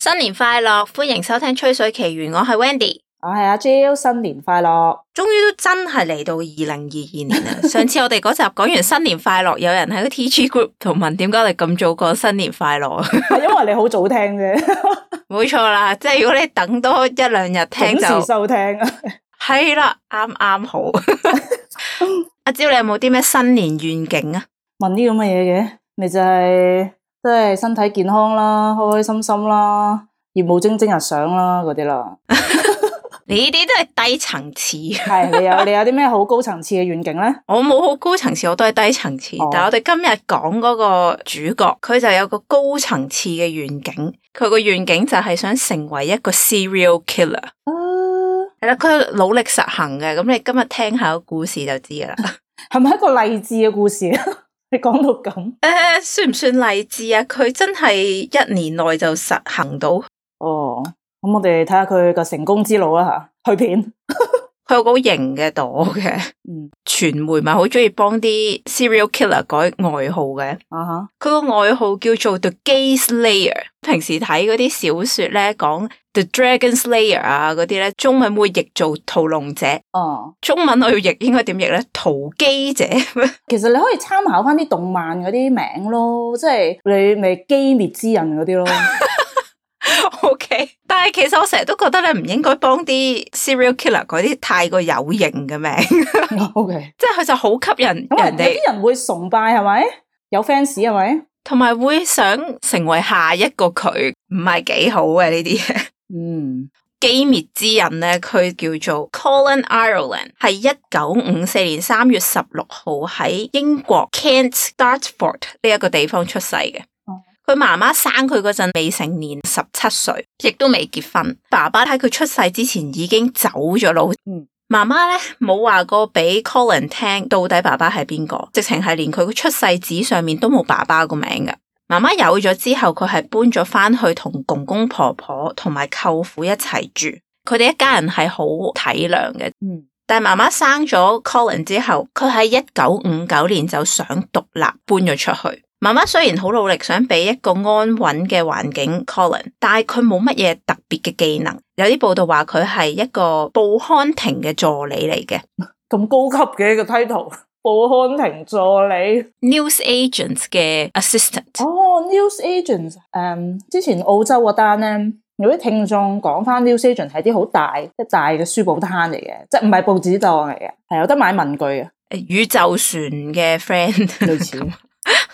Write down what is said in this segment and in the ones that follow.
新年快樂，歡迎收聽《吹水奇緣》，我係 Wendy。我係阿 Jill， 啊啊、Jill, 新年快樂！終於都真係嚟到二零二二年啦。 上次我哋嗰集講完新年快樂，有人喺個 TG group 同問，點解我哋咁早講新年快樂？係 因為你好早聽啫，冇 錯啦。即、就、係、是、如果你等多一兩日聽就準收聽啊。係啦，啱啱好。阿 Jill，你有冇啲咩新年願景啊？問呢啲咁嘅嘢嘅？咪就係即係身體健康啦，開開心心啦，業務蒸蒸日上啦嗰啲啦。 呢啲都係低層次， 係你有你有啲咩好高層次嘅願景咧？我冇好高層次，我都係低層次。Oh. 但係我哋今日講嗰個主角，佢就有個高層次嘅願景。佢個願景就係想成為一個 serial killer。係啦、uh,，佢努力實行嘅。咁你今日聽下個故事就知嘅啦。係 咪一個勵志嘅故事啊？ 你講到咁，誒，uh, 算唔算勵志啊？佢真係一年內就實行到。咁我哋睇下佢嘅成功之路啦吓，去片，佢 有個好型嘅朵嘅，嗯，傳 媒咪好中意幫啲 serial killer 改外號嘅，啊、uh，佢、huh. 個外號叫做 the Gay Slayer，平時睇嗰啲小說咧，講 the dragon slayer 啊，嗰啲咧，中文會譯做屠龍者，哦，uh huh. 中文我要譯應該點譯咧？屠基者。 其實你可以參考翻啲動漫嗰啲名咯，即係你咪基滅之刃嗰啲咯。 O、okay. K，但係其實我成日都覺得咧，唔應該幫啲 serial killer 嗰啲太過有型嘅名。 o Okay . K，即係佢就好吸引人哋，有啲麼人，家人會崇拜係咪？有 fans 係咪？同埋會想成為下一個佢，唔係幾好嘅呢啲嘢。 嗯，機滅之人 Gay 滅之刃咧，佢叫做 Colin Ireland，係一九五四年三月十六號喺英國 Kent Dartford 呢一個地方出世嘅。佢媽媽生佢嗰陣未成年，十七歲，亦都未結婚。爸爸喺佢出世之前已經走咗路。媽媽呢，冇話過俾 Colin 聽到底爸爸係邊個，直情係連佢個出世紙上面都冇爸爸個名嘅。媽媽有咗之後，佢係搬咗翻去同公公婆婆同埋舅父一齊住。佢哋一家人係好體諒嘅。但係媽媽生咗 Colin 之後，佢喺一九五九年就想獨立搬咗出去。媽媽雖然好努力，想俾一個安穩嘅環境，Colin，但係佢冇乜嘢特別嘅技能。有啲報道話佢係一個報刊亭嘅助理嚟嘅，咁高級嘅一個 title，報刊亭助理，news agents 嘅 assistant。哦，news agents，誒，之前澳洲嗰單咧，有啲聽眾講翻 news agents 係啲好大一大嘅書報攤嚟嘅，即係唔係報紙檔嚟嘅，係有得買文具啊。誒，宇宙船嘅 friend 類似。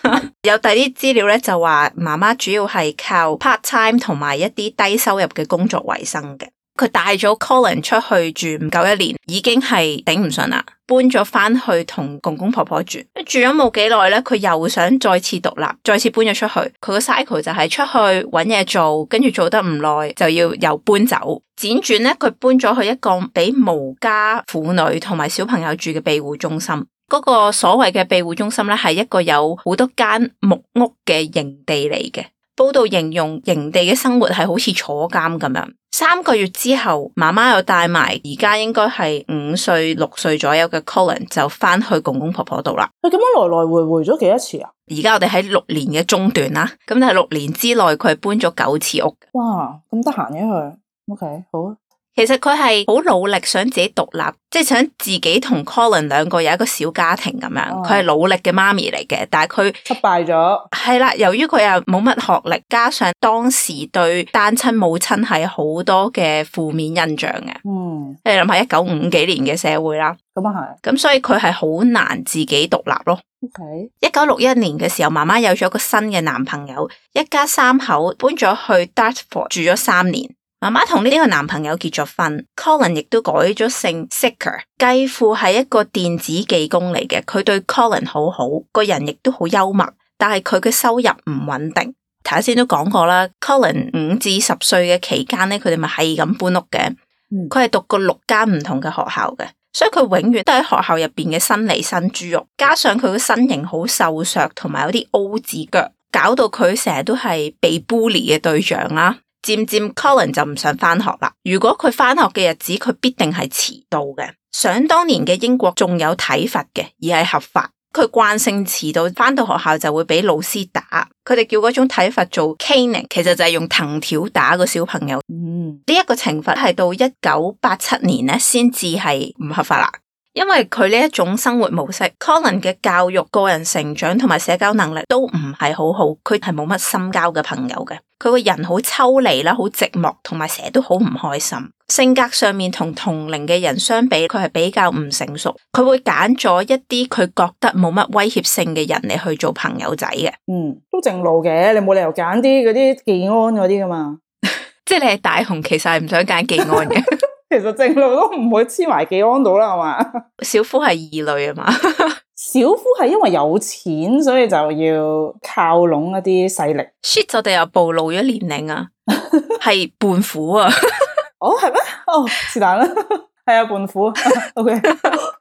有第啲資料咧，就話媽媽主要係靠 part time 同埋一啲低收入嘅工作為生嘅。佢帶咗 Colin 出去住唔夠一年，已經係頂唔順啦，搬咗翻去同公公婆婆住。住咗冇幾耐咧，佢又想再次獨立，再次搬咗出去。佢個 cycle 就係出去搵嘢做，跟住做得唔耐就要又搬走。輾轉咧，佢搬咗去一個俾無家婦女同埋小朋友住嘅庇護中心。嗰個所謂嘅庇護中心咧，係一個有好多間木屋嘅營地嚟嘅。報道形容營地嘅生活係好似坐監咁樣。三個月之後，媽媽又帶埋而家應該係五歲、六歲左右嘅 Colin 就翻去公公婆婆度啦。佢咁樣來來回回咗幾多次啊？而家我哋喺六年嘅中段啦，咁但係六年之內佢係搬咗九次屋。哇，咁得閒嘅佢，OK 好。其實佢係好努力想自己獨立，即係想自己同 Colin 兩個有一個小家庭咁樣。佢係、哦、努力嘅媽咪嚟嘅，但係佢失敗咗。係啦，由於佢又冇乜學歷，加上當時對單親母親係好多嘅負面印象嘅。嗯，你諗下一九五幾年嘅社會啦，咁啊係。咁所以佢係好難自己獨立咯。OK，一九六一年嘅時候，媽媽有咗一個新嘅男朋友，一家三口搬咗去 Dartford 住咗三年。媽媽同呢一個男朋友結咗婚，Colin 亦都改咗姓 Sicker，繼父係一個電子技工嚟嘅，佢對 Colin 好好，個人亦都好幽默，但係佢嘅收入唔穩定。頭先都講過啦，Colin 五至十歲嘅期間咧，佢哋咪係咁搬屋嘅，佢係讀過六間唔同嘅學校嘅，所以佢永遠都喺學校入邊嘅新嚟新豬肉，加上佢嘅身形好瘦削，同埋有啲 O 字腳，搞到佢成日都係被 bully 嘅對象啦。漸漸 Colin 就唔想返學啦。如果佢返學嘅日子，佢必定係遲到嘅。想當年嘅英國仲有體罰嘅，而係合法。佢慣性遲到，返到學校就會俾老師打。佢哋叫嗰種體罰做 Caning，其實就係用藤條打個小朋友。嗯，呢一個懲罰係到一九八七年呢，先至係唔合法啦。因為佢呢一種生活模式，Colin 嘅教育、個人成長同埋社交能力都唔係好好，佢係冇乜深交嘅朋友嘅，佢個人好抽離啦，好寂寞，同埋成日都好唔開心。性格上面同同齡嘅人相比，佢係比較唔成熟，佢會揀咗一啲佢覺得冇乜威脅性嘅人嚟去做朋友仔嘅。嗯，都正路嘅，你冇理由揀啲嗰啲技安嗰啲噶嘛？ 即係你係大雄，其實係唔想揀技安嘅。 其實正路都唔會黐埋技安度啦，係嘛？ 小夫係異類啊嘛？小夫係因為有錢，所以就要靠攏一啲勢力。shit，我哋又暴露咗年齡啊，係胖虎啊？哦，係咩？哦， 是但啦，係啊，胖虎。 ok。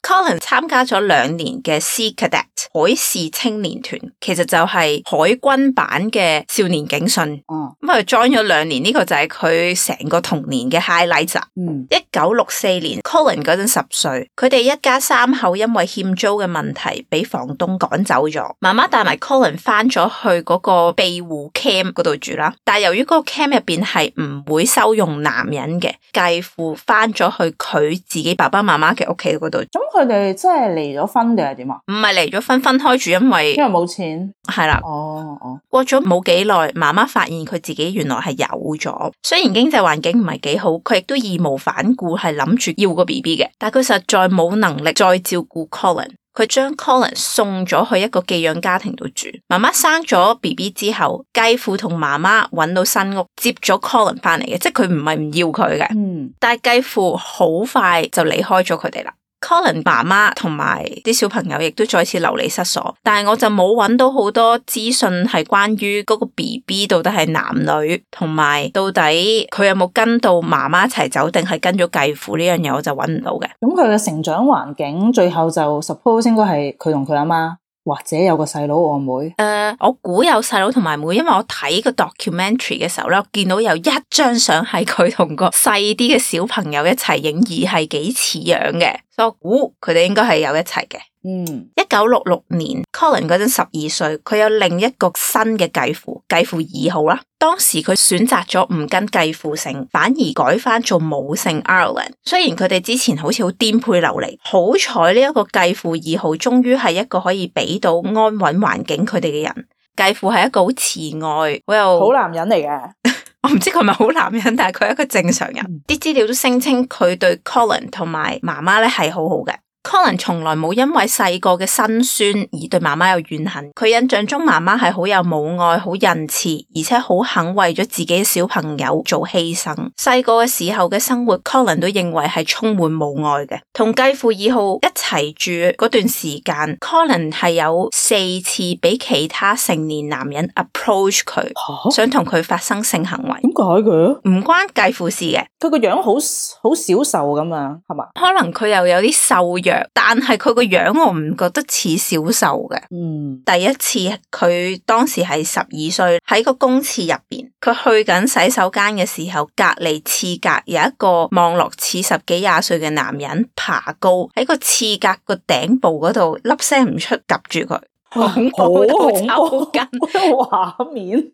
Colin 參加咗兩年嘅 Sea Cadet 海事青年團，其實就係海軍版嘅少年警訊。哦、嗯，咁佢 join 咗兩年，呢、這個就係佢成個童年嘅 highlight、er。嗯，一九六四年，Colin 嗰陣十歲，佢哋一家三口因為欠租嘅問題，俾房東趕走咗。媽媽帶埋 Colin 翻咗去嗰個庇護 camp 嗰度住啦。但係由於嗰個 camp 入邊係唔會收容男人嘅，繼父翻咗去佢自己爸爸媽媽嘅屋企嗰度。佢哋真係離咗婚定係點啊？唔係離咗婚，分開住，因為因為冇錢係啦。哦哦的，oh, oh。過咗冇幾耐，媽媽發現佢自己原來係有咗，雖然經濟環境唔係幾好，佢亦都義無反顧係諗住要個 B B 嘅，但係佢實在冇能力再照顧 Colin，佢將 Colin 送咗去一個寄養家庭度住。媽媽生咗 B B 之後，繼父同媽媽揾到新屋接咗 Colin 返嚟嘅，即佢唔係唔要佢嘅。Mm。但係繼父好快就離開咗佢哋啦。Colin 媽媽同埋啲小朋友亦都再次流離失所，但係我就冇揾到好多資訊係關於嗰個 BB 到底係男女，同埋到底佢有冇跟到媽媽一齊走，定係跟咗繼父呢樣嘢，我就揾唔到嘅。咁佢嘅成長環境最後就 suppose 應該係佢同佢阿媽，或者有個細佬我妹。誒，uh, 我估有細佬同埋妹，因為我睇個 documentary 嘅時候咧，我見到有一張相係佢同個細啲嘅小朋友一齊影，而係幾似樣嘅。我估佢哋應該係有一齊嘅。嗯，一九六六年，Colin 嗰陣十二歲，佢有另一個新嘅繼父，繼父二號啦。當時佢選擇咗唔跟繼父姓，反而改翻做母姓 Ireland。雖然佢哋之前好似好顛沛流離，好彩呢一個繼父二號終於係一個可以俾到安穩環境佢哋嘅人。繼父係一個好慈愛，好有好男人嚟嘅。我唔知佢係咪好男人，但係佢係一個正常人，啲資、嗯、料都聲稱佢對 Colin 同埋媽媽咧係好好嘅。Colin 從來冇因為細個嘅辛酸而對媽媽有怨恨。佢印象中媽媽係好有母愛、好仁慈，而且好肯為咗自己嘅小朋友做犧牲。細個嘅時候嘅生活，Colin 都認為係充滿母愛嘅。同繼父二號一齊住嗰段時間，Colin 係有四次俾其他成年男人 approach 佢，蛤想同佢發生性行為。點解？佢唔關繼父事嘅。佢個樣好好少受咁啊，係嘛？可能佢又有啲瘦弱。但係佢個樣我唔覺得似小受嘅。嗯，第一次佢當時係十二歲喺個公廁入邊，佢去緊洗手間嘅時候，隔籬廁格有一個望落似十幾廿歲嘅男人爬高喺個廁格個頂部嗰度，粒聲唔出夾住佢，好我覺得好抽筋畫好面。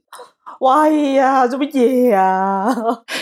喂呀，做乜嘢啊？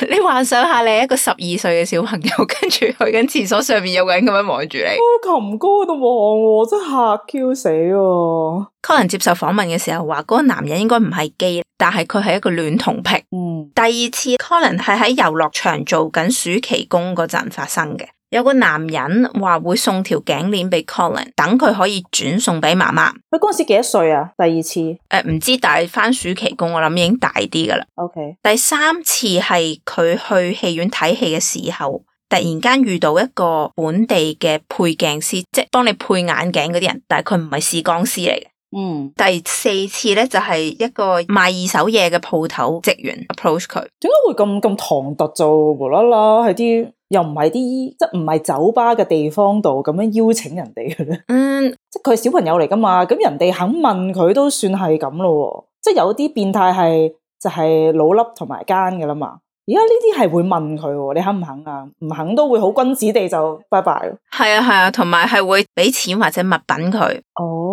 你幻想下，你一個十二歲嘅小朋友，跟住去緊廁所，上面有個人咁樣望住你。柯林、哦、哥喺度望我，真吓 Q 死啊、哦！柯林接受訪問嘅時候話，嗰個男人應該唔係基，但係佢係一個戀童癖。嗯。第二次，柯林係喺遊樂場做緊暑期工嗰陣發生嘅。有個男人話會送條頸鏈俾 Colin，等佢可以轉送俾媽媽。佢嗰時幾多歲啊？第二次誒，唔、呃、知道，但係返暑期工，我諗已經大啲噶啦。Okay. 第三次係佢去戲院睇戲嘅時候，突然間遇到一個本地嘅配鏡師，即係幫你配眼鏡嗰啲人，但係佢唔係視光師嚟。嗯，第四次咧就係一個賣二手嘢嘅鋪頭職員 approach 佢，點解會咁咁唐突做？無啦啦喺啲又唔係啲即係唔係酒吧嘅地方度咁樣邀請人哋嘅咧？嗯，即係佢係小朋友嚟，噶嘛？咁人哋肯問佢都算係咁咯。即係有啲變態係就係、是、老笠同埋奸噶啦嘛。而家呢啲係會問佢，你肯唔肯啊？唔肯都會好君子地就拜拜。係啊係啊，同埋係會俾錢或者物品佢。哦。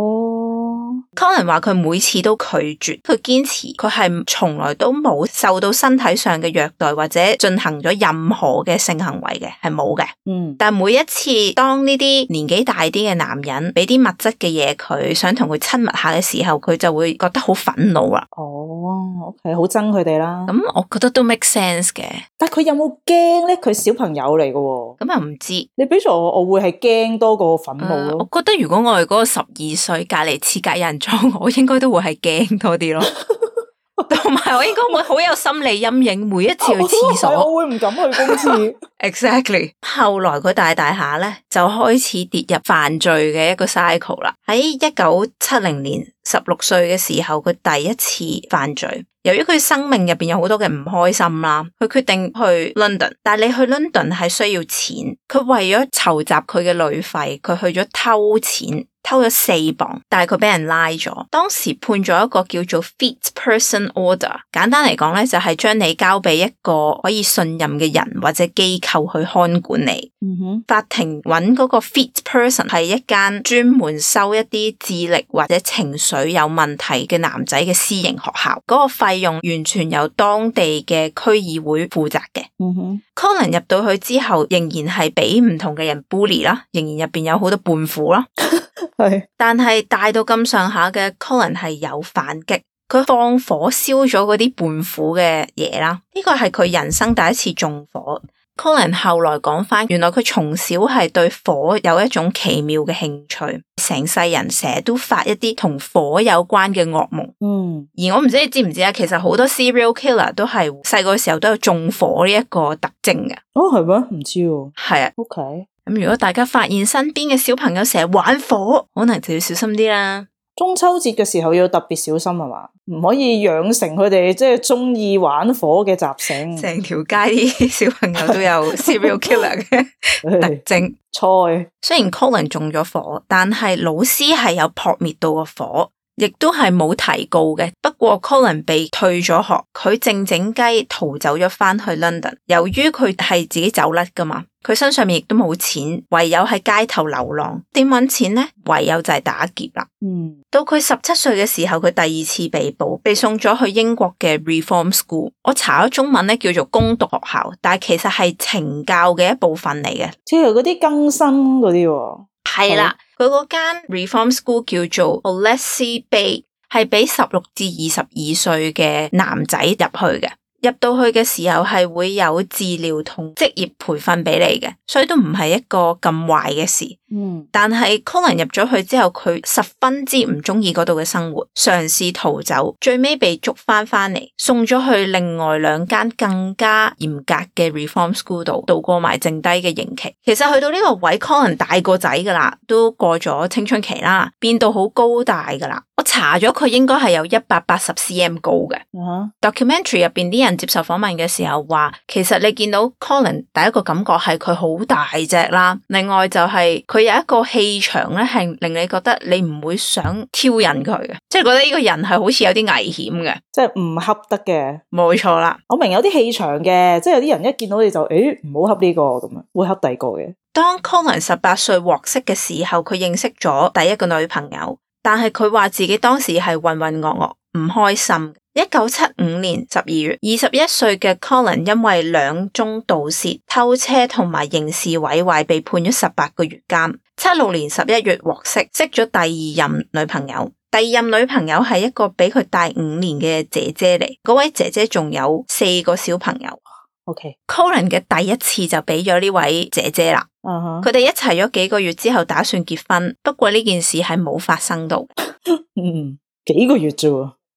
Colin 話：佢每次都拒絕，佢堅持，佢係從來都冇受到身體上嘅虐待，或者進行咗任何嘅性行為嘅，係冇嘅。嗯，但每一次當呢啲年紀大啲嘅男人俾啲物質嘅嘢佢，想同佢親密下嘅時候，佢就會覺得好憤怒啊！哦，係、okay，好憎佢哋啦。咁、嗯、我覺得都 make sense 嘅，但佢有冇驚咧？佢小朋友嚟㗎喎，咁又唔知。你比如我，我會係驚多過憤怒咯。我覺得如果我係嗰個十二歲隔離次隔人。我應該都會係驚多啲咯，同埋 我應該會好有心理陰影，每一次去廁所，我會唔敢去公廁。Exactly， 後來佢大大下咧就開始跌入犯罪嘅一個 cycle 啦。喺一九七零年十六歲嘅時候，佢第一次犯罪。由於佢生命入邊有好多嘅唔開心啦，佢決定去 London。但係你去 London 係需要錢，佢為咗籌集佢嘅旅費，佢去咗偷錢。偷咗四磅，但係佢俾人拉咗。當時判咗一個叫做 Fit Person Order，簡單嚟講咧就係、是、將你交俾一個可以信任嘅人或者機構去看管你。嗯哼，法庭揾嗰個 Fit Person 係一間專門收一啲智力或者情緒有問題嘅男仔嘅私營學校，嗰、那個費用完全由當地嘅區議會負責嘅。嗯哼。Colin 入到去之後，仍然係俾唔同嘅人 bully 啦，仍然入面有好多伴父啦。 但係大到咁上下嘅 Colin 係有反擊，佢放火燒咗嗰啲伴父嘅嘢啦。呢、這個係佢人生第一次縱火。Colin 後來講翻，原來佢從小係對火有一種奇妙嘅興趣，成世人成日都發一啲同火有關嘅噩夢。嗯，而我唔知你知唔知啊？其實好多 serial killer 都係細個時候都有縱火呢一個特徵嘅。哦，係咩？唔知喎。係啊。OK。咁如果大家發現身邊嘅小朋友成日玩火，可能就要小心啲啦。中秋節嘅時候要特別小心係嘛，唔可以養成佢哋即係中意玩火嘅習性。成條街啲小朋友都有 serial killer 嘅特徵政。錯嘅菜，雖然 Colin 中咗火，但係老師係有撲滅到個火，亦都係冇提告嘅。不過 Colin 被退咗學，佢靜靜雞逃走咗，翻去 London。由於佢係自己走甩㗎嘛。佢身上面亦都冇錢，唯有喺街頭流浪，點搵錢呢？唯有就係打劫啦。嗯、到佢十七歲嘅時候，佢第二次被捕，被送咗去英國嘅 Reform School。我查咗中文咧叫做工讀學校，但係其實係懲教嘅一部分嚟嘅。即係嗰啲更新嗰啲喎。係啦的，佢嗰間好 Reform School 叫做 Hollesley Bay，係俾十六至二十二歲嘅男仔入去嘅。入到去嘅時候係會有治療同職業培訓俾你嘅，所以都唔係一個咁壞嘅事。嗯，但係 Colin 入咗去之後，佢十分之唔中意嗰度嘅生活，嘗試逃走，最尾被捉翻翻嚟，送咗去另外兩間更加嚴格嘅 reform school 度度過埋剩低嘅刑期。其實去到呢個位，Colin 大個仔噶啦，都過咗青春期啦，變到好高大噶啦。我查咗佢應該係有一百八十 cm 高嘅。啊、documentary 入邊啲人。接受訪問嘅時候話，其實你見到 Colin 第一個感覺係佢好大隻啦，另外就係佢有一個氣場咧，係令你覺得你唔會想挑釁佢嘅，即係覺得呢個人係好似有啲危險嘅，即係唔恰得嘅。冇錯啦，我明有啲氣場嘅，即係有啲人一見到你就，誒唔好恰呢個咁啊，會恰第二個嘅。當 Colin 十八歲獲釋嘅時候，佢認識咗第一個女朋友，但係佢話自己當時係渾渾噩噩，唔開心。一九七五年十二月，二十一歲嘅 Colin 因為兩宗盜竊、偷車同埋刑事毀壞被判咗十八個月監。七六年十一月獲釋，識咗第二任女朋友。第二任女朋友係一個比佢大五年嘅姐姐嚟，嗰位姐姐仲有四個小朋友。O Okay . K，Colin 嘅第一次就俾咗呢位姐姐啦。佢哋、uh huh. 一齊咗幾個月之後打算結婚，不過呢件事係冇發生到。 嗯，幾個月啫？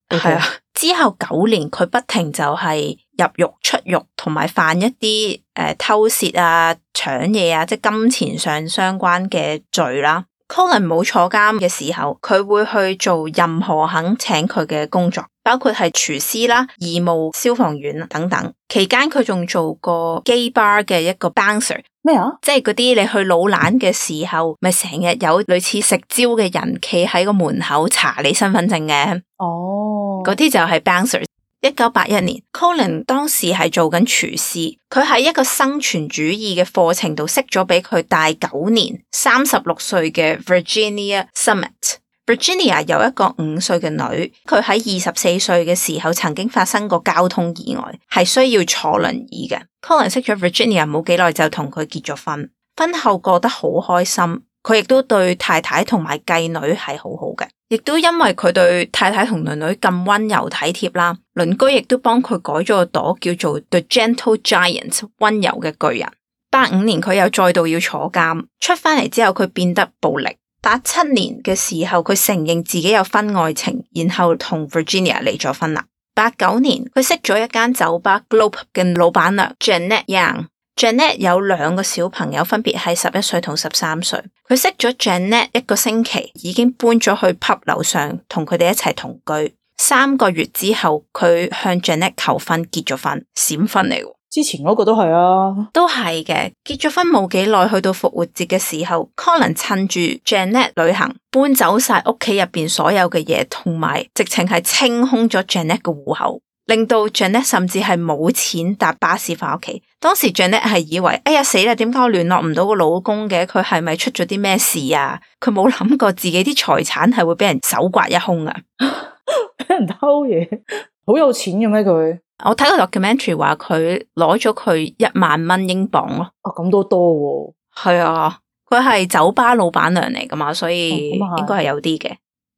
係、okay. 啊。之後九年，佢不停就係入獄出獄，同埋犯一啲誒、呃、偷竊啊、搶嘢啊，即係金錢上相關嘅罪啦。c o 柯 n 冇坐監嘅時候，佢會去做任何肯請佢嘅工作，包括係廚師啦、義務消防員等等。期間佢仲做過 g 巴嘅一個 bouncer，咩啊麼？即係嗰啲你去老闆嘅時候，咪成日有類似食蕉嘅人企喺個門口查你身份證嘅。哦。Oh. 嗰啲就係 bouncers。一九八一年，Colin 當時係做緊廚師，佢喺一個生存主義嘅課程度識咗俾佢大九年三十六歲嘅 Virginia Summit。Virginia 有一個五歲嘅女，佢喺二十四歲嘅時候曾經發生過交通意外，係需要坐輪椅嘅。Colin 識咗 Virginia 冇幾耐就同佢結咗婚，婚後過得好開心，佢亦都對太太同埋繼女係好好嘅。亦都因為佢對太太同女女咁溫柔體貼啦，鄰居亦都幫佢改咗個朵叫做 The Gentle Giant，溫柔嘅巨人。八五年佢又再度要坐監，出翻嚟之後佢變得暴力。八七年嘅時候佢承認自己有婚外情，然後同 Virginia 離咗婚啦。八九年佢識咗一間酒吧 Globe 嘅老闆娘 Janet Young，Janet 有兩個小朋友，分別係十一歲同十三歲。佢識咗 Janet 一個星期，已經搬咗去 pub 樓上同佢哋一齊同居。三個月之後，佢向 Janet 求婚，結咗婚，閃婚嚟。之前嗰個都係啊，都係嘅。結咗婚冇幾耐，去到復活節嘅時候，Colin 趁住 Janet 旅行，搬走晒屋企入面所有嘅嘢，同埋直情係清空咗 Janet 個戶口。令到 Janet 甚至係冇錢搭巴士翻屋企。當時 Janet 係以為：哎呀死啦，點解我聯絡唔到個老公嘅？佢係咪出咗啲咩事啊？佢冇諗過自己啲財產係會俾人手刮一空㗎！俾 人偷嘢，好有錢嘅咩？佢？我睇個 documentary 話佢攞咗佢一萬蚊英鎊咯。哦，咁都多喎。係啊，佢係、啊、酒吧老闆娘嚟噶嘛，所以應該係有啲嘅。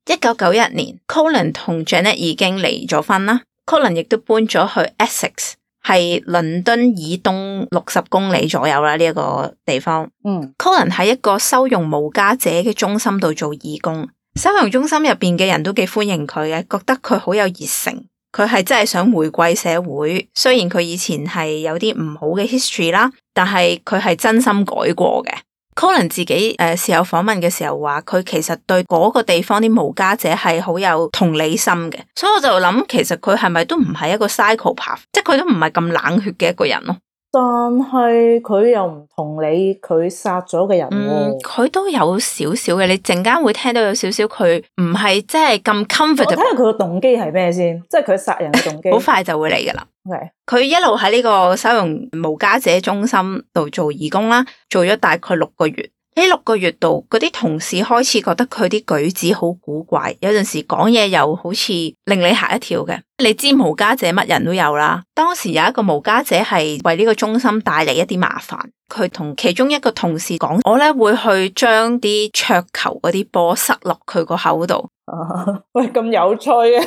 一九九一年，Colin 同 Janet 已經離咗婚啦。Colin 亦都搬咗去 Essex，係倫敦以東六十公里左右啦，呢、呢個地方。嗯、Colin 喺一個收容無家者嘅中心度做義工，收容中心入面嘅人都幾歡迎佢嘅，覺得佢好有熱誠，佢係真係想回歸社會。雖然佢以前係有啲唔好嘅 history 啦，但係佢係真心改過嘅。柯林自己誒，事、呃、後訪問嘅時候話，佢其實對嗰個地方啲無家者係好有同理心嘅，所以我就諗，其實佢係咪都唔係一個 psychopath，即係佢都唔係咁冷血嘅一個人咯。但係佢又唔同你殺，哦嗯，佢殺咗嘅人佢都有少少嘅，你陣間會聽到有少少佢唔係即係咁 comfortable。我睇下佢嘅動機係咩先，即係佢殺人嘅動機。好 快就會嚟噶啦，OK。佢一路喺呢個收容無家者中心度做義工啦，做咗大概六個月。喺六個月度，嗰啲同事開始覺得佢啲舉止好古怪，有陣時講嘢又好似令你吓一跳嘅。你知無家者乜人都有啦。當時有一個無家者係為呢個中心帶嚟一啲麻煩。佢同其中一個同事講：我呢會去將啲桌球嗰啲波塞落佢個口度。啊。喂，咁有趣嘅，啊，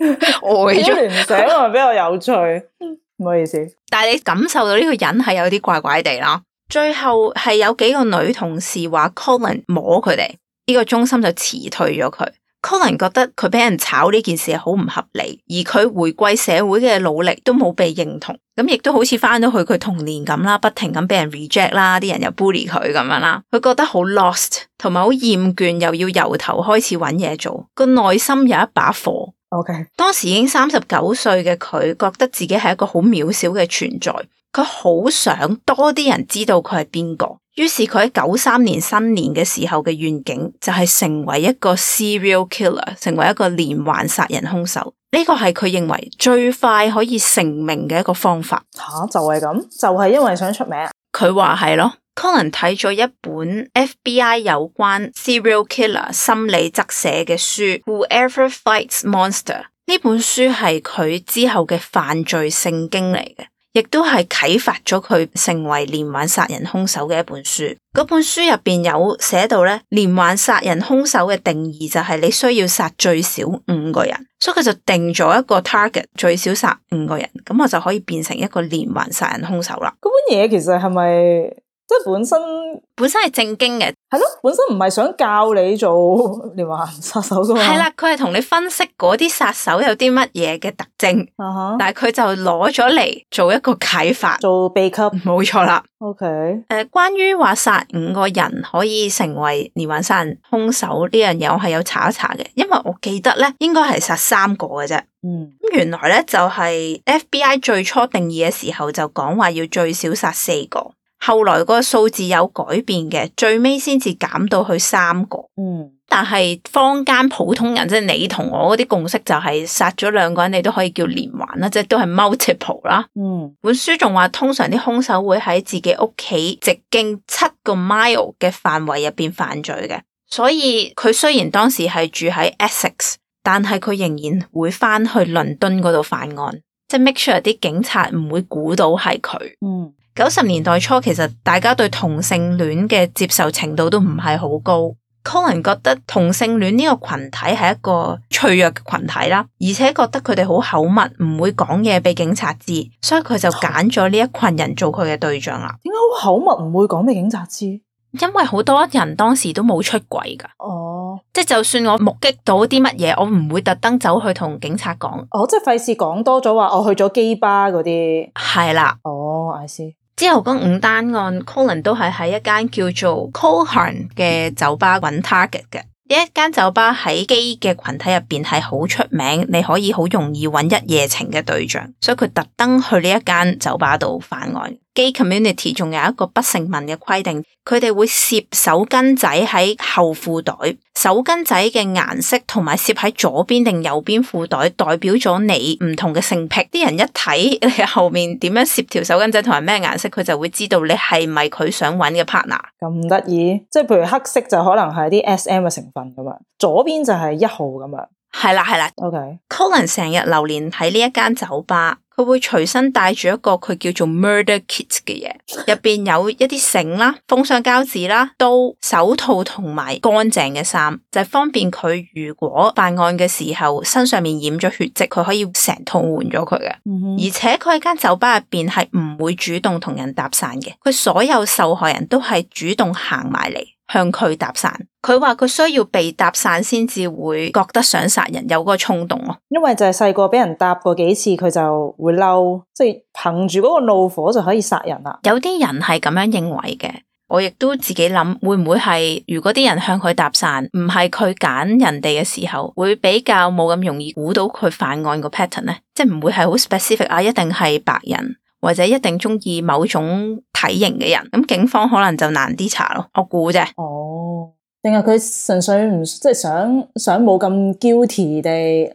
啲聯想係比較有趣。唔好意思，但係你感受到呢個人係有啲怪怪地咯。最後係有幾個女同事話 Colin 摸佢哋，呢個中心就辭退咗佢。Colin 覺得佢俾人炒呢件事好唔合理，而佢回歸社會嘅努力都冇被認同，咁亦都好似翻到去佢童年咁啦，不停咁俾人 reject 啦，啲人又 bully 佢咁樣啦，佢覺得好 lost，同埋好厭倦，又要由頭開始揾嘢做，個內心有一把火。OK，當時已經三十九歲嘅佢，覺得自己係一個好渺小嘅存在。佢好想多啲人知道佢係邊個，於是佢喺九三年新年嘅時候嘅願景就係、是、成為一個 serial killer，成為一個連環殺人兇手。呢、這個係佢認為最快可以成名嘅一個方法。吓、啊，就係、是、咁，就係、是、因為想出名。佢話係咯，Colin 睇咗一本 FBI 有關 serial killer 心理側寫嘅書，Whoever Fights Monster 呢本書係佢之後嘅犯罪聖經嚟嘅。亦都係啟發咗佢成為連環殺人兇手嘅一本書。嗰本書入邊有寫到咧，連環殺人兇手嘅定義就係你需要殺最少五個人，所以佢就定咗一個 target，最少殺五個人，咁我就可以變成一個連環殺人兇手啦。嗰本嘢其實係咪？即係本身本身係正經嘅係咯，本身唔係想教你做連環殺手噶嘛。係啦，佢係同你分析嗰啲殺手有啲乜嘢嘅特徵、uh huh. 但係佢就攞咗嚟做一個啟發做秘笈，冇錯啦。OK 誒、呃，關於話殺五個人可以成為連環殺人凶手，呢樣嘢我係有查一查嘅，因為我記得咧，應該係殺三個嘅啫。嗯，咁原來咧就係、是、FBI 最初定義嘅時候就講話要最少殺四個。後來嗰個數字有改變嘅，最尾先至減到去三個。嗯，但係坊間普通人即係、就是、你同我嗰啲共識就係殺咗兩個人，你都可以叫連環啦，即係都係 multiple 啦。嗯，本書仲話通常啲兇手會喺自己屋企直徑七個 mile 嘅範圍入邊犯罪嘅，所以佢雖然當時係住喺 Essex，但係佢仍然會翻去倫敦嗰度犯案，即係 make sure 啲警察唔會估到係佢。嗯。九十年代初，其實大家對同性戀嘅接受程度都唔係好高。Colin 覺得同性戀呢個群體係一個脆弱嘅群體啦，而且覺得佢哋好口密，唔會講嘢俾警察知，所以佢就揀咗呢一群人做佢嘅對象啦。點解好口密唔會講俾警察知？因為好多人當時都冇出櫃㗎。哦，oh. 即係就算我目擊到啲乜嘢，我唔會特登走去同警察講。哦，oh，即係費事講多咗話我去咗基吧嗰啲。係啦。哦，oh, I see. 之後嗰五單案，Colin 都係喺一間叫做 Coleherne 嘅酒吧搵 target 嘅。呢一間酒吧喺 gay 嘅群體入面係好出名，你可以好容易搵一夜情嘅對象，所以佢特登去呢一間酒吧度犯案。Gay community 仲有一個不成文嘅規定，佢哋會攝手巾仔喺後褲袋，手巾仔嘅顏色同埋攝喺左邊定右邊褲袋，代表咗你唔同嘅性癖。啲人一睇你後面點樣攝條手巾仔同埋咩顏色，佢就會知道你係咪佢想揾嘅 partner。咁得意，即係譬如黑色就可能係啲 SM 嘅成分咁樣，左邊就係一號咁樣。係啦，係啦。O K。Okay. Colin 成日流連喺呢一間酒吧，佢會隨身帶住一個佢叫做 Murder Kit 嘅嘢，入面有一啲繩啦、封箱膠紙啦、刀、手套同埋乾淨嘅衫，就係方便佢如果犯案嘅時候身上面染咗血跡，佢可以成套換咗佢。而且佢喺間酒吧入面係唔會主動同人搭訕嘅，佢所有受害人都係主動行埋嚟向佢搭訕。佢話佢需要被搭訕先至會覺得想殺人，有嗰個衝動咯。因為就係細個俾人搭過幾次，佢就會嬲，即係憑住嗰個怒火就可以殺人啦。有啲人係咁樣認為嘅，我亦都自己諗，會唔會係如果啲人向佢搭訕，唔係佢揀人哋嘅時候，會比較冇咁容易估到佢犯案個 pattern 呢？即係唔會係好 specific 啊，一定係白人或者一定中意某種體型嘅人，咁警方可能就難啲查咯。我估啫。哦。定係佢純粹唔即係想想冇咁 guilty 地，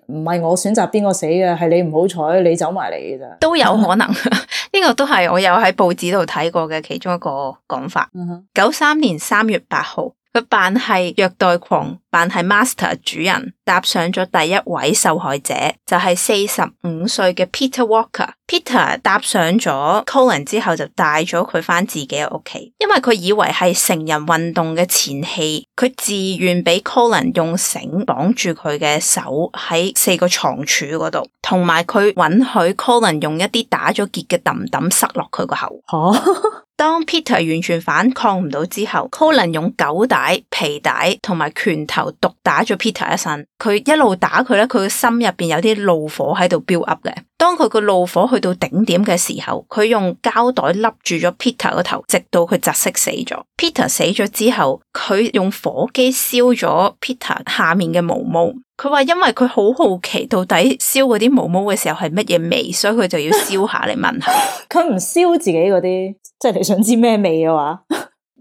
唔係我選擇邊個死嘅，係你唔好彩，你走埋嚟嘅咋，都有可能。呢 個都係我有喺報紙度睇過嘅其中一個講法。九三，uh huh. 年三月八號。佢扮係虐待狂，扮係 master 主人，搭上咗第一位受害者，就係四十五歲嘅 Peter Walker。Peter 搭上咗 Colin 之後，就帶咗佢返自己嘅屋企，因為佢以為係成人運動嘅前戲，佢自願俾 Colin 用繩綁住佢嘅手喺四個床柱嗰度，同埋佢允許 Colin 用一啲打咗結嘅氹氹塞落佢個口。 當 Peter 完全反抗唔到之後，Colin 用狗帶、皮帶同埋拳頭毒打咗 Peter 一身。佢一路打佢咧，佢心入面有啲怒火喺度 build up 嘅。當佢個怒火去到頂點嘅時候，佢用膠袋笠住咗 Peter 個頭，直到佢窒息死咗。Peter 死咗之後，佢用火機燒咗 Peter 下面嘅毛毛。佢話：因為佢好好奇到底燒嗰啲毛毛嘅時候係乜嘢味，所以佢就要燒下嚟問下。佢唔 燒自己嗰啲，即係你想知咩味嘅話，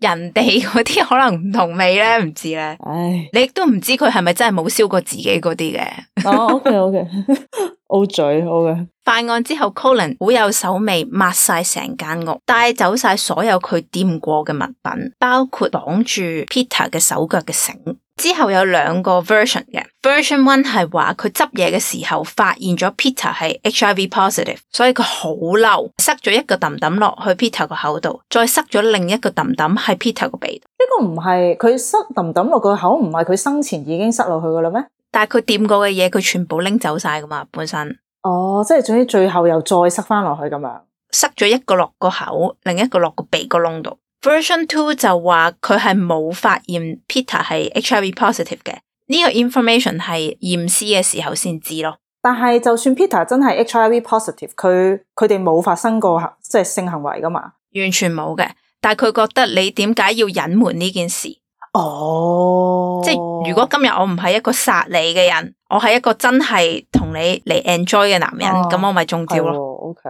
人哋嗰啲可能唔同味咧，唔知咧。唉，你都唔知佢係咪真係冇燒過自己嗰啲嘅。哦，OK，OK，O 嘴，OK。犯案之後，Colin 好有手尾，抹晒成間屋，帶走晒所有佢掂過嘅物品，包括綁住 Peter 嘅手腳嘅繩。之後有兩個 version 嘅 version one 係話佢執嘢嘅時候發現咗 Peter 係 HIV positive，所以佢好嬲，塞咗一個氹氹落去 Peter 個口度，再塞咗另一個氹氹喺 Peter 個鼻度。呢個唔係佢塞氹氹落個口，唔係佢生前已經塞落去㗎喇咩？但係佢掂過嘅嘢，佢全部拎走晒㗎嘛，本身。哦，oh, 即係總之最後又再塞翻落去咁樣，塞咗一個落個口，另一個落個鼻個窿度。Version two 就話佢係冇發現 Peter 係 HIV positive 嘅，呢個 information 係驗屍嘅時候先知咯。但係就算 Peter 真係 HIV positive，佢佢哋冇發生過即係性行為噶嘛？完全冇嘅。但係佢覺得你點解要隱瞞呢件事？哦，oh，即係如果今日我唔係一個殺你嘅人。我係一個真係同你嚟 enjoy 嘅男人，咁、啊、我咪中招咯、啊。OK，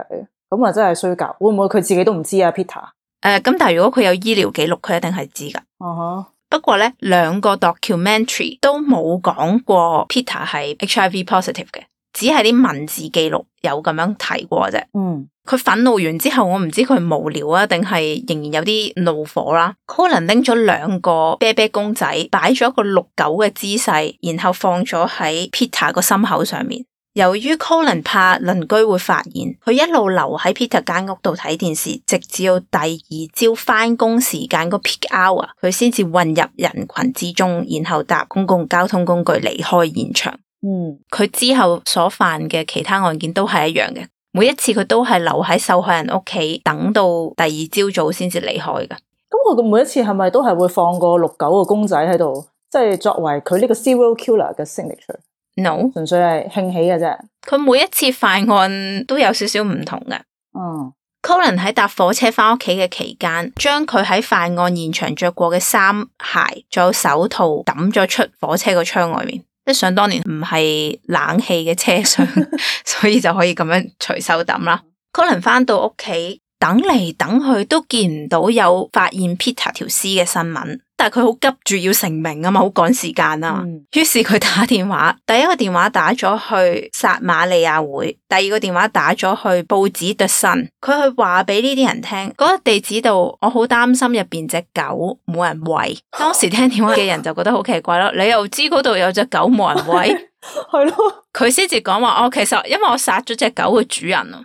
咁啊真係衰格，會唔會佢自己都唔知啊？Peter，誒、呃，咁但係如果佢有醫療記錄，佢一定係知噶。哦、啊哈，不過咧兩個 documentary 都冇講過 Peter 係 HIV positive 嘅，只係啲文字記錄有咁樣提過啫。嗯。佢憤怒完之後，我唔知佢係無聊啊，定係仍然有啲怒火啦、啊。Colin 拎咗兩個啤啤公仔，擺咗一個六九嘅姿勢，然後放咗喺 Peter 個心口上面。由於 Colin 怕鄰居會發現，佢一路留喺 Peter 間屋度睇電視，直至到第二朝返工時間個 peak hour，佢先至混入人群之中，然後搭公共交通工具離開現場。嗯，佢之後所犯嘅其他案件都係一樣嘅。每一次佢都係留喺受害人屋企，等到第二朝早先至離開噶。咁佢每一次係咪都係會放個六九個公仔喺度，即係作為佢呢個 serial killer 嘅 signature？No，純粹係興起嘅啫。佢每一次犯案都有少少唔同嘅。嗯，Colin 喺搭火車翻屋企嘅期間，將佢喺犯案現場着過嘅衫、鞋，仲有手套抌咗出，出火車個窗外面。即係想當年唔係冷氣嘅車上， 所以就可以咁樣隨手抌啦。可能翻到屋企等嚟等去都見唔到有發現 Peter 條屍嘅新聞。但係佢好急住要成名啊嘛，好趕時間啊嘛，於、嗯、是佢打電話，第一個電話打咗去撒瑪利亞會，第二個電話打咗去報紙 The Sun，佢去話俾呢啲人聽，嗰、嗰個地址度我好擔心入邊隻狗冇人喂， 當時聽電話嘅人就覺得好奇怪咯，你又知嗰度有隻狗冇人喂。 係咯，佢先至講話哦。其實因為我殺咗隻狗嘅主人啊，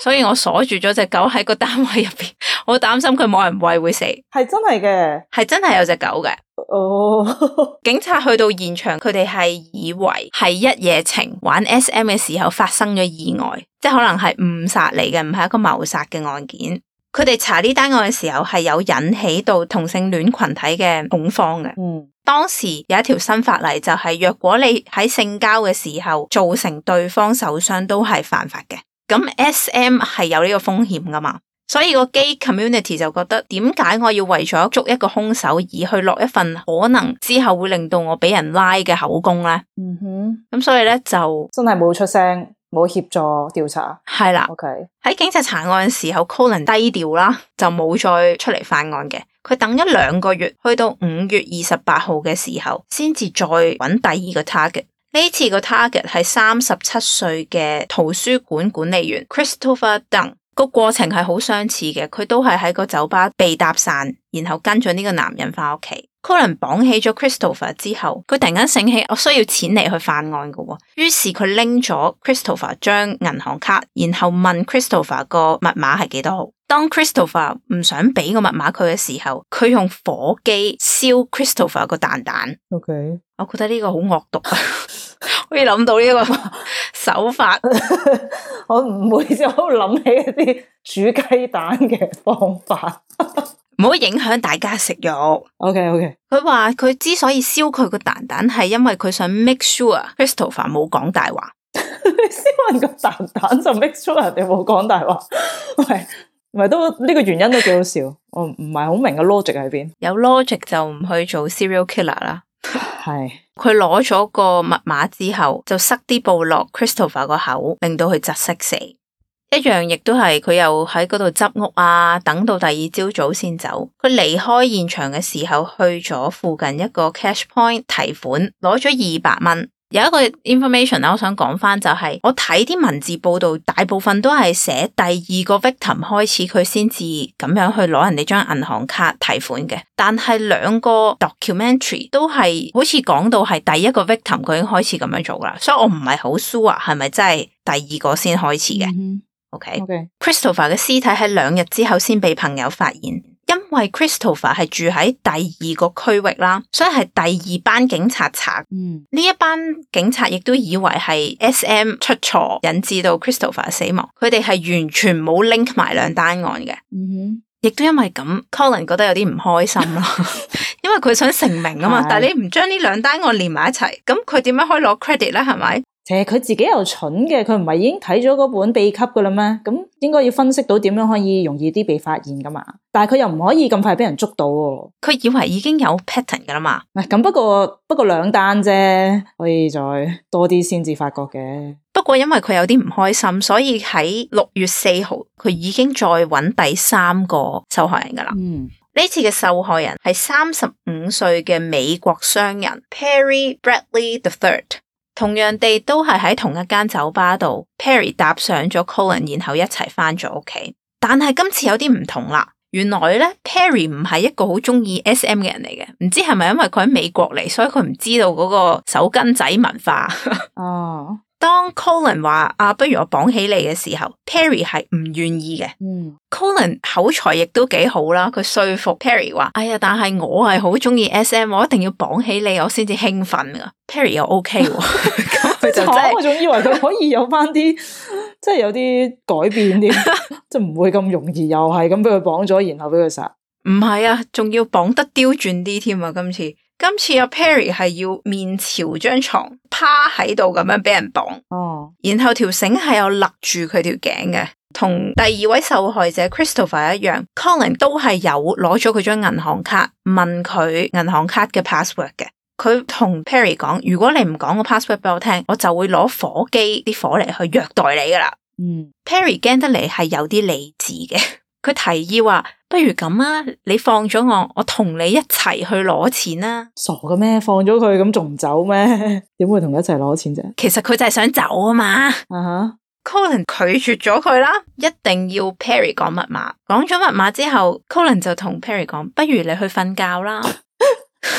所以我鎖住咗隻狗喺個單位入邊。我擔心佢冇人餵會死，係真係嘅，係真係有隻狗嘅。哦， 警察去到現場，佢哋係以為係一夜情玩 SM 嘅時候發生咗意外，即係可能係誤殺嚟嘅，唔係一個謀殺嘅案件。佢哋查呢單案嘅時候係有引起到同性戀群體嘅恐慌嘅。嗯，當時有一條新法例就係、是，若果你喺性交嘅時候造成對方受傷都係犯法嘅。咁 SM 係有呢個風險㗎嘛，所以個 gay community 就覺得點解我要為咗捉一個兇手而去落一份可能之後會令到我俾人拉嘅口供呢？」嗯哼，咁所以咧就真係冇出聲。冇協助調查係啦。喺的 Okay 警察查案的時候，Colin 低調啦，就冇再出嚟犯案嘅。佢等咗兩個月，去到五月二十八號嘅時候，先至再揾第二個 target。呢次個 target 係三十七歲嘅圖書館管理員 Christopher Dunn。個過程係好相似嘅，佢都係喺個酒吧被搭訕，然後跟住呢個男人返屋企。柯林綁起咗 Christopher 之後，佢突然間醒起，我需要錢嚟去犯案㗎喎、哦。於是佢拎咗 Christopher 張銀行卡，然後問 Christopher 個密碼係幾多號。當 Christopher 唔想俾個密碼佢嘅時候，佢用火機燒 Christopher 個蛋蛋。O Okay . K，我覺得呢個好惡毒， 可以諗到呢個 手法， 我唔會想諗起一啲煮雞蛋嘅方法。 唔好影響大家食慾。OK OK。佢話佢之所以燒佢個蛋蛋，係因為佢想 make sure Christopher 冇講大話。燒 人個蛋蛋就 make sure 人哋冇講大話。咪 咪都呢、這個原因都幾好笑。 我唔係好明個 logic 喺邊？有 logic 就唔去做 serial killer 啦。係 是。佢攞咗個密碼之後，就塞啲布落 Christopher 個口，令到佢窒息死。一樣亦都係，佢又喺嗰度執屋啊，等到第二朝早先走。佢離開現場嘅時候，去咗附近一個 cash point 提款，攞咗二百蚊。有一個 information 咧、就是，我想講翻就係，我睇啲文字報道，大部分都係寫第二個 victim 開始，佢先至咁樣去攞人哋張銀行卡提款嘅。但係兩個 documentary 都係好似講到係第一個 victim 佢已經開始咁樣做啦，所以我唔係好 sure 係咪真係第二個先開始嘅。Mm hmm. Okay，Christopher 嘅屍體喺兩日之後先被朋友發現，因為 Christopher 係住喺第二個區域啦，所以係第二班警察查。嗯、mm，呢、hmm. 一班警察亦都以為係 SM 出錯，引致到 Christopher 死亡。佢哋係完全冇 link 埋兩單案嘅。嗯哼、mm，亦、hmm. 都因為咁，Colin 覺得有啲唔開心咯， 因為佢想成名啊嘛。的但係你唔將呢兩單案連埋一齊，咁佢點樣可以攞 credit 咧？係咪？其實佢自己又蠢嘅，佢唔係已經睇咗嗰本秘笈噶啦咩？咁應該要分析到點樣可以容易啲被發現噶嘛？但係佢又唔可以咁快俾人捉到喎。佢以為已經有 pattern 噶啦嘛？唔咁、哎，不過不過兩單啫，可以再多啲先至發覺嘅。不過因為佢有啲唔開心，所以喺六月四號，佢已經再揾第三個受害人噶啦。嗯，呢次嘅受害人係三十五歲嘅美國商人 Perry Bradley the Third。同樣地，都係喺同一間酒吧度，Perry 搭上咗 Colin，然後一齊返咗屋企。但係今次有啲唔同啦。原來呢，Perry 唔係一個好中意 SM 嘅人嚟嘅。唔知係咪因為佢喺美國嚟，所以佢唔知道嗰個手巾仔文化。哦。 Oh. 當 Colin 話啊，不如我綁起你嘅時候，Perry 係唔願意嘅。嗯，Colin 口才亦都幾好啦，佢說服 Perry 話，哎呀，但係我係好中意 SM，我一定要綁起你，我先至興奮㗎。Perry 又 OK，咁 我仲以為佢可以有翻啲， 即係有啲改變啲， 就唔會咁容易又係咁俾佢綁咗，然後俾佢殺。唔係啊，仲要綁得刁鑽啲添啊，今次。今次阿 Perry 係要面朝張床趴喺度咁樣俾人綁，哦，oh. 然後條繩係有勒住佢條頸嘅，同第二位受害者 Christopher 一樣，Colin 都係有攞咗佢張銀行卡，問佢銀行卡嘅 password 嘅，佢同 Perry 講，如果你唔講個 password 俾我聽，我就會攞火機啲火嚟去虐待你噶啦，嗯、mm.，Perry 驚得嚟係有啲理智嘅。佢提議話：不如咁啊，你放咗我，我同你一齊去攞錢啦。傻嘅咩？放咗佢咁仲唔走咩？點 會同你一齊攞錢啫？其實佢就係想走啊嘛。啊哈、uh huh！Colin 拒絕咗佢啦，一定要 Perry 講密碼。講咗密碼之後，Colin 就同 Perry 講：不如你去瞓覺啦，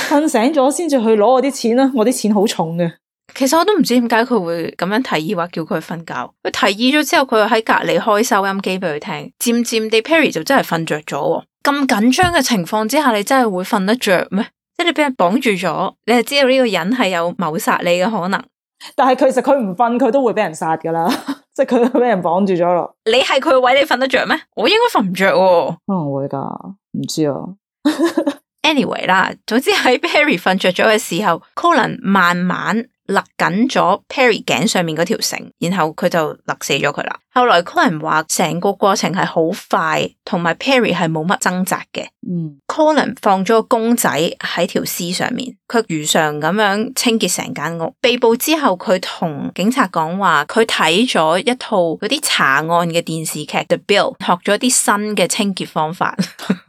瞓 醒咗先至去攞我啲錢啦。我啲錢好重嘅。其實我都唔知點解佢會咁樣提議，話叫佢瞓覺。佢提議咗之後，佢喺隔籬開收音機俾佢聽，漸漸地，Perry 就真係瞓着咗。咁緊張嘅情況之下，你真係會瞓得着咩？即係你俾人綁住咗，你係知道呢個人係有謀殺你嘅可能。但係其實佢唔瞓，佢都會俾人殺噶啦。即係佢俾人綁住咗咯。你係佢位，你瞓得着咩？我應該瞓唔着。可能會噶，唔知啊。Anyway 啦，總之喺 Perry 瞓着咗嘅時候，Colin 慢慢。勒緊咗 Perry 頸上面嗰條繩，然後，佢就勒死咗佢啦。後來柯 n 話：成個過程係好快，同埋 Perry 係冇乜掙扎嘅。柯、mm. n 放咗個公仔喺條絲上面，佢如常咁樣清潔成間屋。被捕之後，佢同警察講話，佢睇咗一套嗰啲查案嘅電視劇《The Bill》，學咗啲新嘅清潔方法，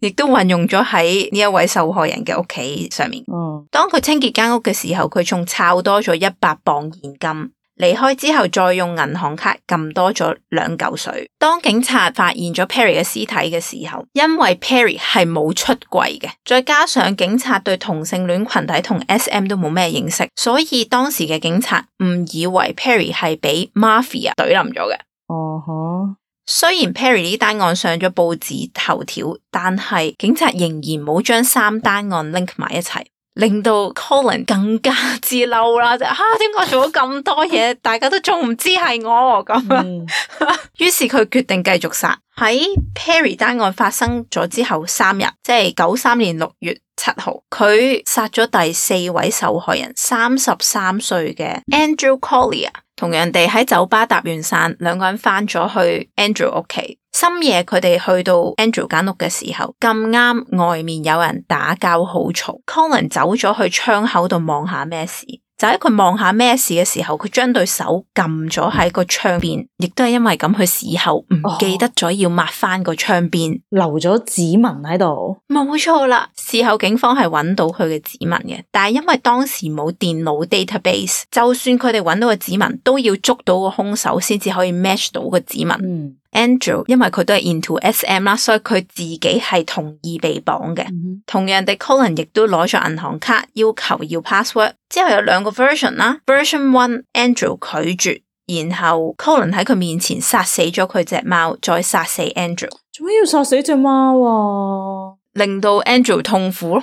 亦 都運用咗喺呢一位受害人嘅屋企上面。Mm. 當佢清潔間屋嘅時候，佢仲抄多咗一百磅現金。離開之後，再用銀行卡撳多咗兩嚿水。當警察發現咗 Perry 嘅屍體嘅時候，因為 Perry 係冇出櫃嘅，再加上警察對同性戀群體同 SM 都冇咩認識，所以當時嘅警察誤以為 Perry 係俾 Mafia 懟冧咗嘅。哦哈、uh！Huh. 雖然 Perry 呢單案上咗報紙頭條，但係警察仍然冇將三單案 link 埋一齊。令到 Colin 更加自嬲啦！嚇、啊，點解做咗咁多嘢， 大家都仲唔知係我咁啊？樣嗯、 於是佢決定繼續殺。喺 Perry 單案發生咗之後三日，即係九三年六月七號，佢殺咗第四位受害人，三十三歲嘅 Andrew Collier。同人哋喺酒吧搭完訕，兩個人翻咗去了 Andrew 屋深夜佢哋去到 Andrew 間屋嘅時候，咁啱外面有人打交好嘈。Colin 走咗去窗口度望下咩事，就喺佢望下咩事嘅時候，佢將對手撳咗喺個窗邊，亦都係因為咁，佢事後唔記得咗要抹翻個窗邊，哦，留咗指紋喺度。冇錯啦，事後警方係揾到佢嘅指紋嘅，但係因為當時冇電腦 database，就算佢哋揾到個指紋，都要捉到個兇手先至可以 match 到個指紋。嗯 Angel 因為佢都係 into SM 啦，所以佢自己係同意被綁嘅。同樣地，Colin 亦都攞咗銀行卡，要求要 password。之後有兩個 version 啦，version one，Angel 拒絕，然後 Colin 喺佢面前殺死咗佢隻貓，再殺死 Angel。做咩要殺死隻貓啊？令到 Angel 痛苦咯。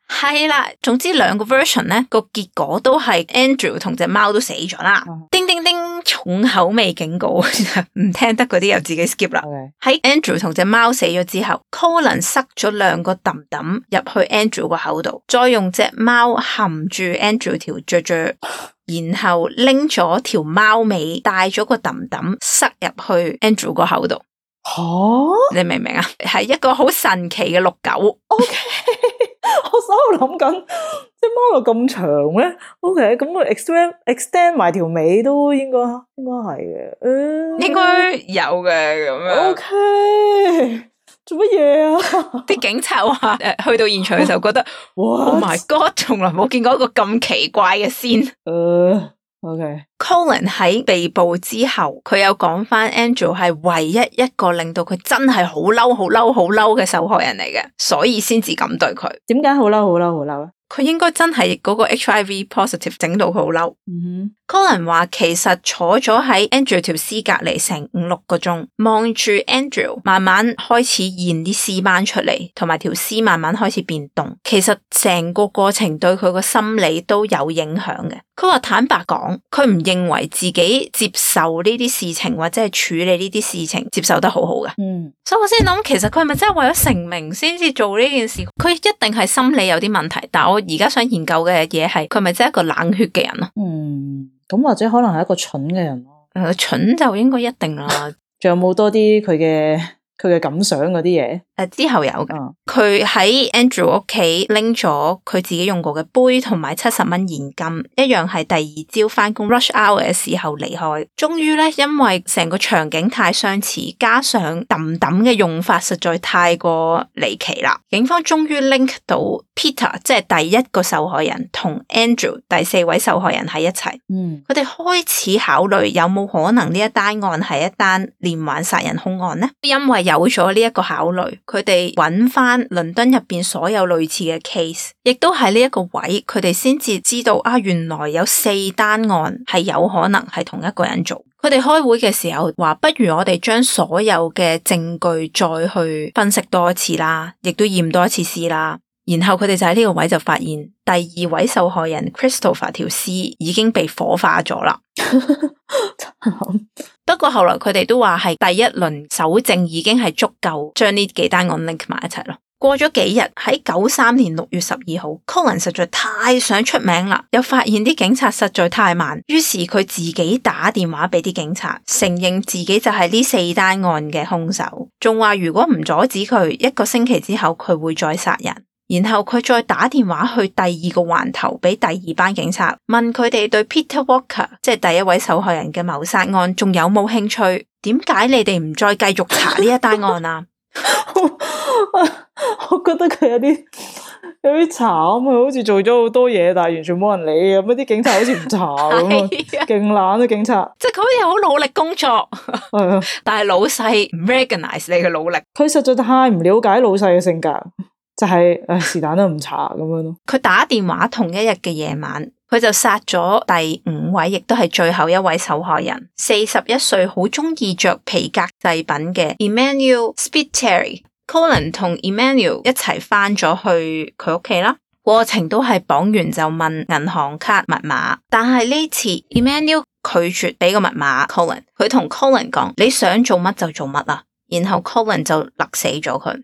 係啦，總之兩個 version 咧個結果都係 Andrew 同隻貓都死咗啦。Oh。叮叮叮，重口味警告，唔 聽得嗰啲又自己 skip 啦。喺 Okay. Andrew 同隻貓死咗之後 Okay.，Colin 塞咗兩個氹氹入去 Andrew 個口度，再用隻貓含住 Andrew 條雀雀，然後拎咗條貓尾帶咗個氹氹塞入去 Andrew 個口度。吓，oh。你明唔明啊？係一個好神奇嘅綠狗。OK。 我喺度諗緊，隻貓又咁長咧，O K，咁佢 extend extend 埋條尾都應該應該係嘅，應該、嗯、有嘅咁樣。O K，做乜嘢啊？啲 警察話誒、呃，去到現場嘅時候覺得，哇，Oh my God，從來冇見過一個咁奇怪嘅 scene。O.K. Colin 喺被捕之後，佢有講翻 Angel 係唯一一個令到佢真係好嬲、好嬲、好嬲嘅受害人嚟嘅，所以先至咁對佢。點解好嬲、好嬲、好嬲、mm？佢應該真係嗰個 HIV positive 整到佢好嬲。嗯哼。柯林話：其實坐咗喺 Andrew 條屍隔離成五六個鐘，望住 Andrew 慢慢開始現啲屍斑出嚟，同埋條屍慢慢開始變凍。其實成個過程對佢個心理都有影響嘅。佢話坦白講，佢唔認為自己接受呢啲事情或者係處理呢啲事情接受得好好嘅。嗯，所以我先諗，其實佢係咪真係為咗成名先至做呢件事？佢一定係心理有啲問題。但我而家想研究嘅嘢係，佢咪真係一個冷血嘅人咯？嗯。咁或者可能係一個蠢嘅人咯，呃，蠢就應該一定啦。仲 有冇多啲佢嘅？佢嘅感想嗰啲嘢，誒、啊、之後有噶，佢喺、嗯、Andrew 屋企拎咗佢自己用過嘅杯同埋七十蚊現金，一樣，係第二朝翻工 rush hour 嘅時候離開。終於咧，因為成個場景太相似，加上抌抌嘅用法實在太過離奇啦，警方終於 link 到 Peter，即係第一個受害人同 Andrew 第四位受害人喺一齊，嗯，佢哋開始考慮有冇可能呢一單案係一單連環殺人兇案咧，因為有。有咗呢一個考慮，佢哋揾翻倫敦入邊所有類似嘅 case，亦都喺呢一個位，佢哋先至知道啊，原來有四單案係有可能係同一個人做。佢哋開會嘅時候話，不如我哋將所有嘅證據再去分析多一次啦，亦都驗多一次屍啦。然後佢哋就喺呢個位置就發現第二位受害人 Christopher 條屍已經被火化咗啦。 不過後來佢哋都話係第一輪搜證已經係足夠將呢幾單案 link 埋一齊咯。過咗幾日，喺九三年六月十二號，Colin 實在太想出名啦，又發現啲警察實在太慢，於是佢自己打電話俾啲警察，承認自己就係呢四單案嘅凶手，仲話如果唔阻止佢，一個星期之後佢會再殺人。然後佢再打電話去第二個環頭，俾第二班警察問佢哋對 Peter Walker，即係第一位受害人嘅謀殺案，仲有冇興趣？點解你哋唔再繼續查呢一單案啊？我 我覺得佢有啲有啲慘啊，好似做咗好多嘢，但係完全冇人理啊！乜啲警察好似唔查咁 啊，勁懶啊！警察即係佢好似好努力工作， 但係老細唔 recognize 你嘅努力，佢 實在太唔了解老細嘅性格。就係誒是但啦，唔查咁樣咯。佢打電話同一日嘅夜晚，佢就殺咗第五位，亦都係最後一位受害人，四十一歲，好中意着皮革製品嘅 Emmanuel Spiteri。Colin 同 Emmanuel 一齊返咗去佢屋企啦。過程都係綁完就問銀行卡密碼，但係呢次 Emmanuel 拒絕俾個密碼，Colin。佢同 Colin 講你想做乜就做乜啦，然後 Colin 就勒死咗佢。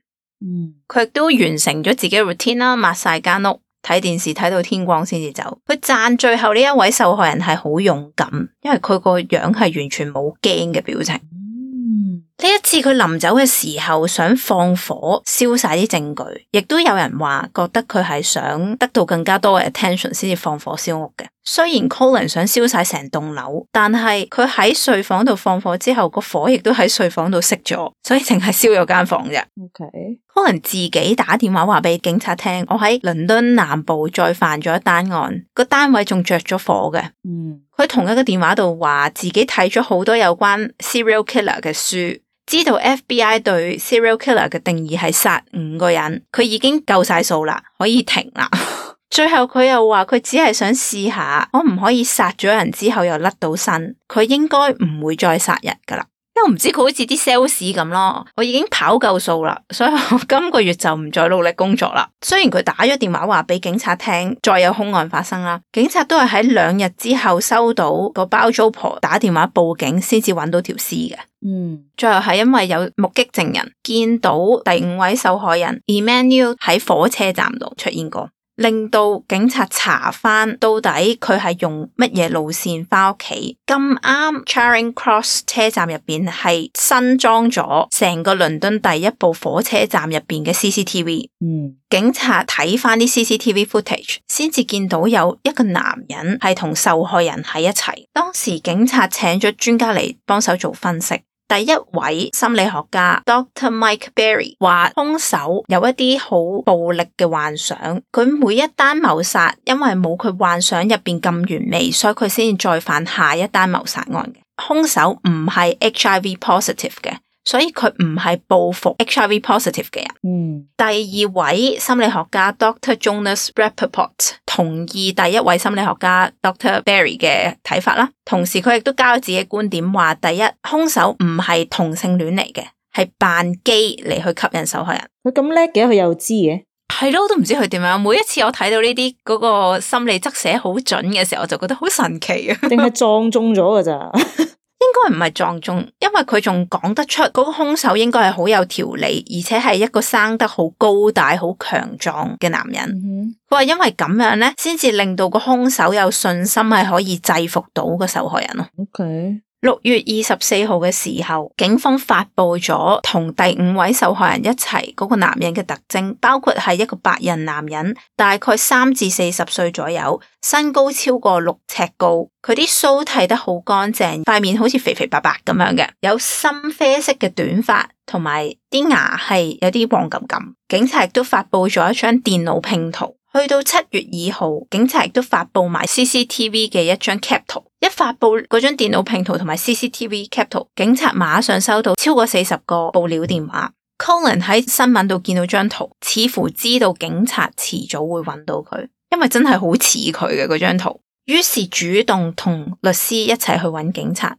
佢亦 都完成咗自己嘅 routine 啦，抹晒間屋，睇電視睇到天光先至走。佢讚最後呢一位受害人係好勇敢，因為佢個樣係完全冇驚嘅表情。 呢一次佢臨走嘅時候想放火燒晒啲證據，亦都有人話覺得佢係想得到更加多嘅 attention 先至放火燒屋嘅。雖然 Colin 想燒晒成棟樓，但係佢喺睡房度放火之後，個火亦都喺睡房度熄咗，所以淨係燒咗間房啫。OK，Colin 自己打電話話俾警察聽：我喺倫敦南部再犯咗一單案，個單位仲着咗火嘅。嗯，佢喺同一個電話度話自己睇咗好多有關 serial killer 嘅書。知道 FBI 對 serial killer 嘅定義係殺五個人，佢已經夠晒數啦，可以停啦。 最後佢又話佢只係想試一下，可唔可以殺咗人之後又甩到身，佢應該唔會再殺人㗎喇。因為我唔知佢好似啲 sales 咁咯，我已經跑夠數啦，所以我今個月就唔再努力工作啦。雖然佢打咗電話話俾警察聽再有兇案發生啦，警察都係喺兩日之後收到個包租婆打電話報警先至揾到條屍嘅。嗯，最後係因為有目擊證人見到第五位受害人 Emmanuel 喺火車站度出現過。令到警察查翻到底佢係用乜嘢路線翻屋企。咁啱，Charing Cross 車站入面係新裝咗成個倫敦第一部火車站入面嘅 CCTV。嗯，警察睇翻啲 CCTV footage，先至見到有一個男人係同受害人喺一齊。當時警察請咗專家嚟幫手做分析。第一位心理學家 Dr. Mike Barry 話，凶手有一啲好暴力嘅幻想，佢每一單謀殺因為冇佢幻想入面咁完美，所以佢先至再犯下一單謀殺案嘅。凶手唔係 HIV positive 嘅。所以佢唔係報復 HIV positive 嘅人。嗯、第二位心理學家 Dr. Jonas Rapaport 同意第一位心理學家 Dr. Barry 嘅睇法啦，同時佢亦都交咗自己嘅觀點，話第一，兇手唔係同性戀嚟嘅，係扮 gay 嚟去吸引受害人。佢咁叻嘅，佢又知嘅。係咯，我都唔知佢點樣。每一次我睇到呢啲嗰個心理側寫好準嘅時候，我就覺得好神奇啊！定係撞中咗噶咋？ 應該唔係撞中，因為佢仲講得出嗰、那個兇手應該係好有條理，而且係一個生得好高大、好強壯嘅男人。佢話、mm hmm. 因為咁樣咧，先至令到個兇手有信心係可以制服到個受害人 OK。六月二十四號嘅時候，警方發佈咗同第五位受害人一齊嗰個男人嘅特徵，包括係一個白人男人，大概三至四十歲左右，身高超過六尺高，佢啲鬚剃得好乾淨，塊面好似肥肥白白咁樣嘅，有深啡色嘅短髮，同埋啲牙係有啲黃咁咁。警察亦都發佈咗一張電腦拼圖。去到七月二號，警察亦都發布埋 CCTV 嘅一張 cap 圖。一發布嗰張電腦拼圖同埋 CCTV cap 圖，警察馬上收到超過四十個報料電話。Colin 喺新聞度見到張圖，似乎知道警察遲早會揾到佢，因為真係好似佢嘅嗰張圖。於是主動同律師一齊去揾警察，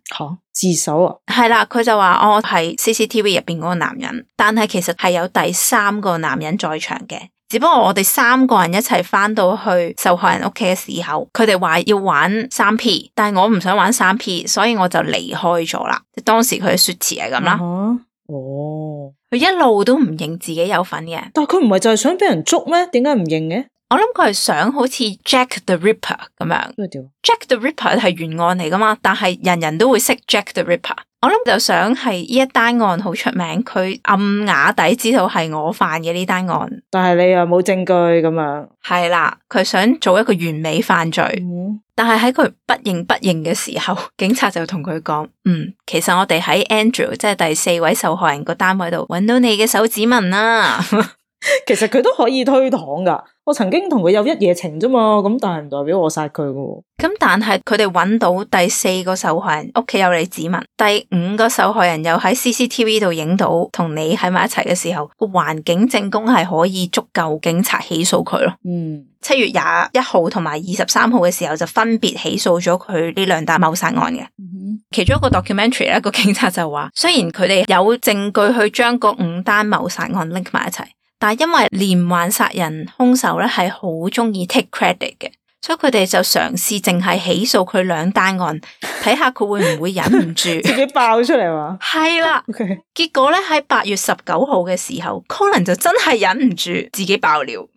自首啊！係啦，佢就話我係、哦、CCTV 入邊嗰個男人，但係其實係有第三個男人在場嘅。只不過我哋三個人一齊返到去受害人屋企嘅時候，佢哋話要玩三 P，但係我唔想玩三 P，所以我就離開咗啦。當時佢嘅說辭係咁啦，哦、uh，佢、huh. oh. 一路都唔認自己有份嘅。但係佢唔係就係想俾人捉咩？點解唔認嘅？我諗佢係想好似 Jack the Ripper 咁樣 ，Jack the Ripper 係懸案嚟㗎嘛？但係人人都會識 Jack the Ripper，我諗就想係呢一單案好出名，佢暗啞底知道係我犯嘅呢單案， 但係你又冇證據咁樣。係啦，佢想做一個完美犯罪， 但係喺佢不認不認嘅時候，警察就同佢講：嗯，其實我哋喺 Andrew，即係第四位受害人個單位度，揾到你嘅手指紋啦。 其實佢都可以推搪噶，我曾經同佢有一夜情啫嘛，咁但係唔代表我殺佢噶。咁、嗯、但係佢哋揾到第四個受害人屋企有你指紋，第五個受害人又喺 CCTV 度影到同你喺埋一齊嘅時候，個環境證供係可以足夠警察起訴佢咯。嗯，七月廿一號同埋二十三號嘅時候就分別起訴咗佢呢兩單謀殺案嘅。嗯嗯、其中一個 documentary 咧，個警察就話，雖然佢哋有證據去將嗰五單謀殺案拎埋一齊。但係因為連環殺人兇手咧，係好中意 take credit 嘅,所以佢哋就嘗試淨係起訴佢兩單案，睇下佢會唔會忍唔住自己爆出嚟話。係啦，結果咧，喺八月十九號嘅時候，Colin 就真係忍唔住自己爆了。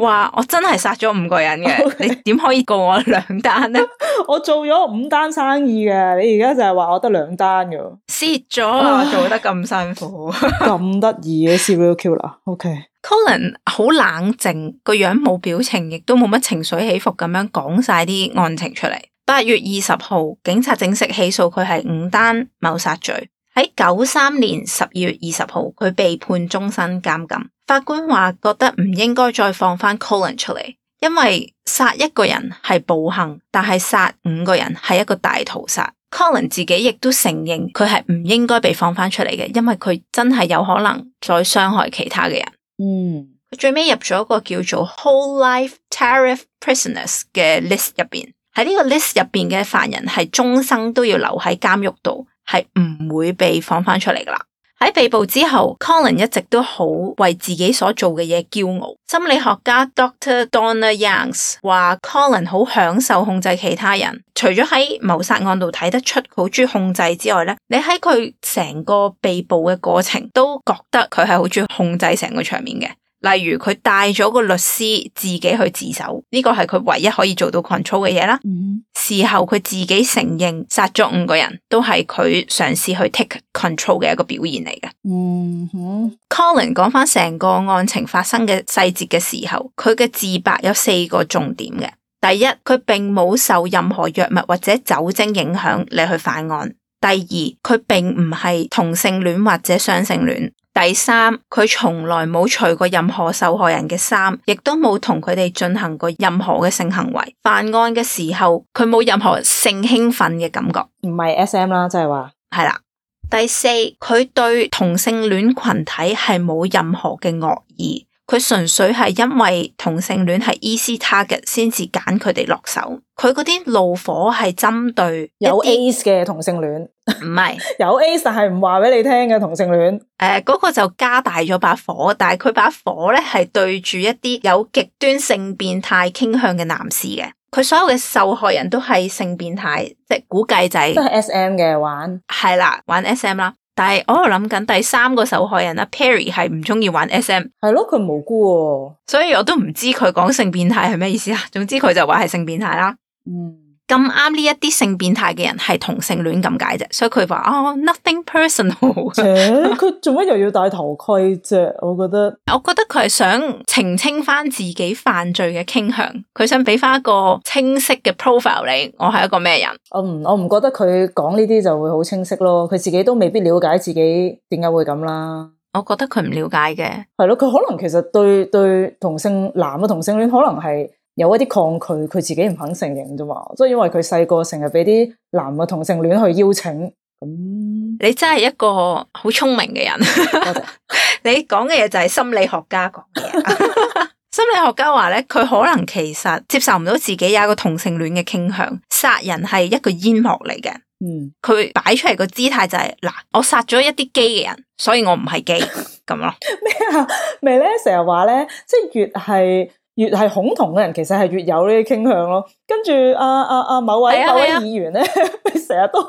話我真係殺咗五個人嘅，Okay. 你點可以告我兩單呢？ 我做咗五單生意嘅，你而家就係話我得兩單嘅。shit 咗啦，唉做得咁辛苦，咁得意嘅 serial killer，ok。Colin 好冷靜，個樣冇表情，亦都冇乜情緒起伏，咁樣講晒啲案情出嚟。八月二十號，警察正式起訴佢係五單謀殺罪。喺九三年十二月二十號，佢被判終身監禁。法官話覺得唔應該再放翻 Colin 出嚟，因為殺一個人係暴行，但係殺五個人係一個大屠殺。Colin 自己亦都承認佢係唔應該被放翻出嚟嘅，因為佢真係有可能再傷害其他嘅人。嗯，佢最尾入咗一個叫做 Whole Life Tariff Prisoners 嘅 list 入面。喺呢個 list 入面嘅犯人係終生都要留喺監獄度，係唔會被放翻出嚟噶啦。喺被捕之後，Colin 一直都好為自己所做嘅嘢驕傲。心理學家 Dr. Donna Youngs 話，Colin 好享受控制其他人。除咗喺謀殺案度睇得出佢好中意控制之外呢，你喺佢成個被捕嘅過程都覺得佢係好中意控制成個場面嘅。例如佢帶咗個律師自己去自首，呢個係佢唯一可以做到 control 嘅嘢啦。Mm hmm. 事後佢自己承認殺咗五個人，都係佢嘗試去 take control 嘅一個表現嚟嘅。嗯、mm，好、hmm.。Colin 講翻成個案情發生嘅細節嘅時候，佢嘅自白有四個重點嘅。第一，佢並冇受任何藥物或者酒精影響嚟去犯案。第二，佢並唔係同性戀或者雙性戀。第三，佢從來冇除過任何受害人嘅衫，亦都冇同佢哋進行過任何嘅性行為。犯案嘅時候，佢冇任何性興奮嘅感覺，唔係 SM 啦，就係話，係啦。第四，佢對同性戀群體係冇任何嘅惡意。佢純粹係因為同性戀係 easy target，先至揀佢哋落手。佢嗰啲怒火係針對有 ace 嘅同性戀，唔 係是 有 ace 但係唔話俾你聽嘅同性戀。誒，嗰個就加大咗把火，但係佢把火呢係對住一啲有極端性變態傾向嘅男士嘅。佢所有嘅受害人都係性變態，即估計就係、是、都係 SM 嘅玩。係啦，玩 SM 啦。但係我諗緊第三個受害人啊 Perry 係唔中意玩 SM，係咯，佢無辜，所以我都唔知佢講性變態係咩意思啊。總之佢就話係性變態啦。嗯。咁啱呢一啲性變態嘅人係同性戀咁解啫，所以佢話哦，nothing personal。佢做乜又要戴頭盔啫？我覺得，我覺得佢係想澄清翻自己犯罪嘅傾向，佢想俾翻一個清晰嘅 profile 你我我，我係一個咩人？我唔，我唔覺得佢講呢啲就會好清晰咯。佢自己都未必了解自己點解會咁啦。我覺得佢唔了解嘅，係咯，佢可能其實對對同性男嘅同性戀可能係。有一啲抗拒，佢自己唔肯承認啫嘛，即係因為佢細個成日俾啲男嘅同性戀去邀請，咁、嗯、你真係一個好聰明嘅人， 你講嘅嘢就係心理學家講嘅嘢， 心理學家話咧，佢可能其實接受唔到自己有一個同性戀嘅傾向，殺人係一個煙幕嚟嘅。嗯，佢擺出嚟個姿態就係、是、嗱，我殺咗一啲基嘅人，所以我唔係基咁咯，咩啊 咪咧成日話咧，即係越係越係恐同嘅人，其實係越有呢啲傾向咯。跟住阿阿阿某位，啊啊、某位議員咧，成日都好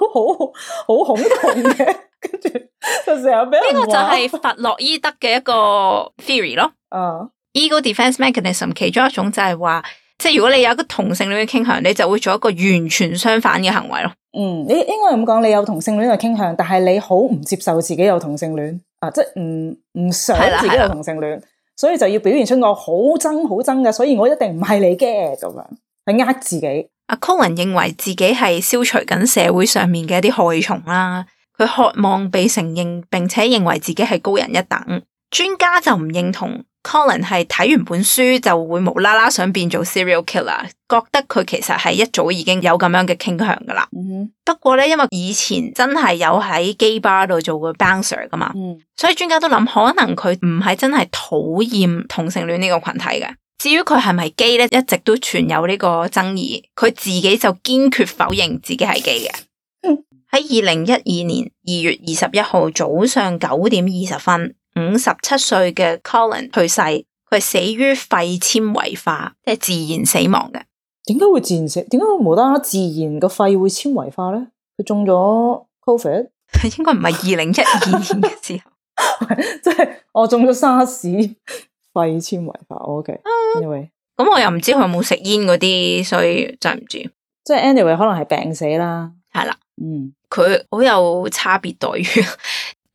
好好恐同嘅，跟住 就成日俾呢個就係弗洛伊德嘅一個 theory 咯。啊，ego defense mechanism 其中一種就係話，即係如果你有一個同性戀嘅傾向，你就會做一個完全相反嘅行為咯。嗯，你應該咁講，你有同性戀嘅傾向，但係你好唔接受自己有同性戀啊，即係唔唔想自己有同性戀。的的所以就要表現出我好憎好憎嘅，所以我一定唔係你嘅咁樣，去呃自己。阿科林認為自己係消除緊社會上面嘅一啲害蟲啦、啊，佢渴望被承認，並且認為自己係高人一等。專家就唔認同。Colin 係睇完本書就會無啦啦想變做 serial killer，覺得佢其實係一早已經有咁樣嘅傾向噶啦。Mm hmm. 不過咧，因為以前真係有喺基吧度做過 bouncer 噶嘛，mm hmm. 所以專家都諗可能佢唔係真係討厭同性戀呢個群體嘅。至於佢係咪基咧，一直都存有呢個爭議，佢自己就堅決否認自己係基嘅。喺二零一二年二月二十一號早上九點二十分，五十七歲嘅 Colin 去世，佢係死於肺纖維化，即係自然死亡嘅。點解會自然死？點解會無端端自然個肺會纖維化咧？佢中咗 Covid， 應該唔係二零一二年嘅時候， 即係我中咗沙士，肺纖維化。Okay，anyway，咁我又唔知佢有冇食煙嗰啲，所以就唔知。即係 anyway，可能係病死啦。係啦，嗯，佢好有差別待遇。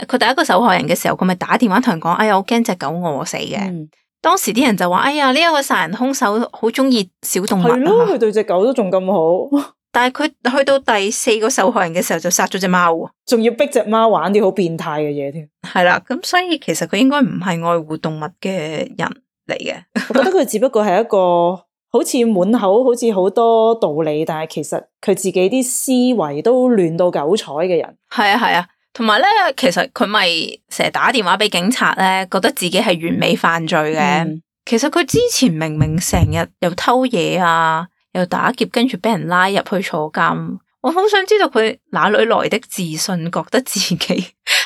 佢第一個受害人嘅時候，佢咪打電話同人講，哎呀，我驚隻狗餓死嘅。嗯、當時啲人就話，哎呀、呢、這、一個殺人兇手好中意小動物。係咯，佢對隻狗都仲咁好。但係佢去到第四個受害人嘅時候，就殺咗隻貓，仲要逼隻貓玩啲好變態嘅嘢添。係啦，咁所以其實佢應該唔係愛護動物嘅人嚟嘅。 我覺得佢只不過係一個好似滿口好似好多道理，但係其實佢自己啲思維都亂到九彩嘅人。係啊，係啊。同埋咧，其實佢咪成日打電話俾警察咧，覺得自己係完美犯罪嘅。嗯、其實佢之前明明成日又偷嘢啊，又打劫，跟住俾人拉入去坐監。我好想知道佢哪裏來的自信，覺得自己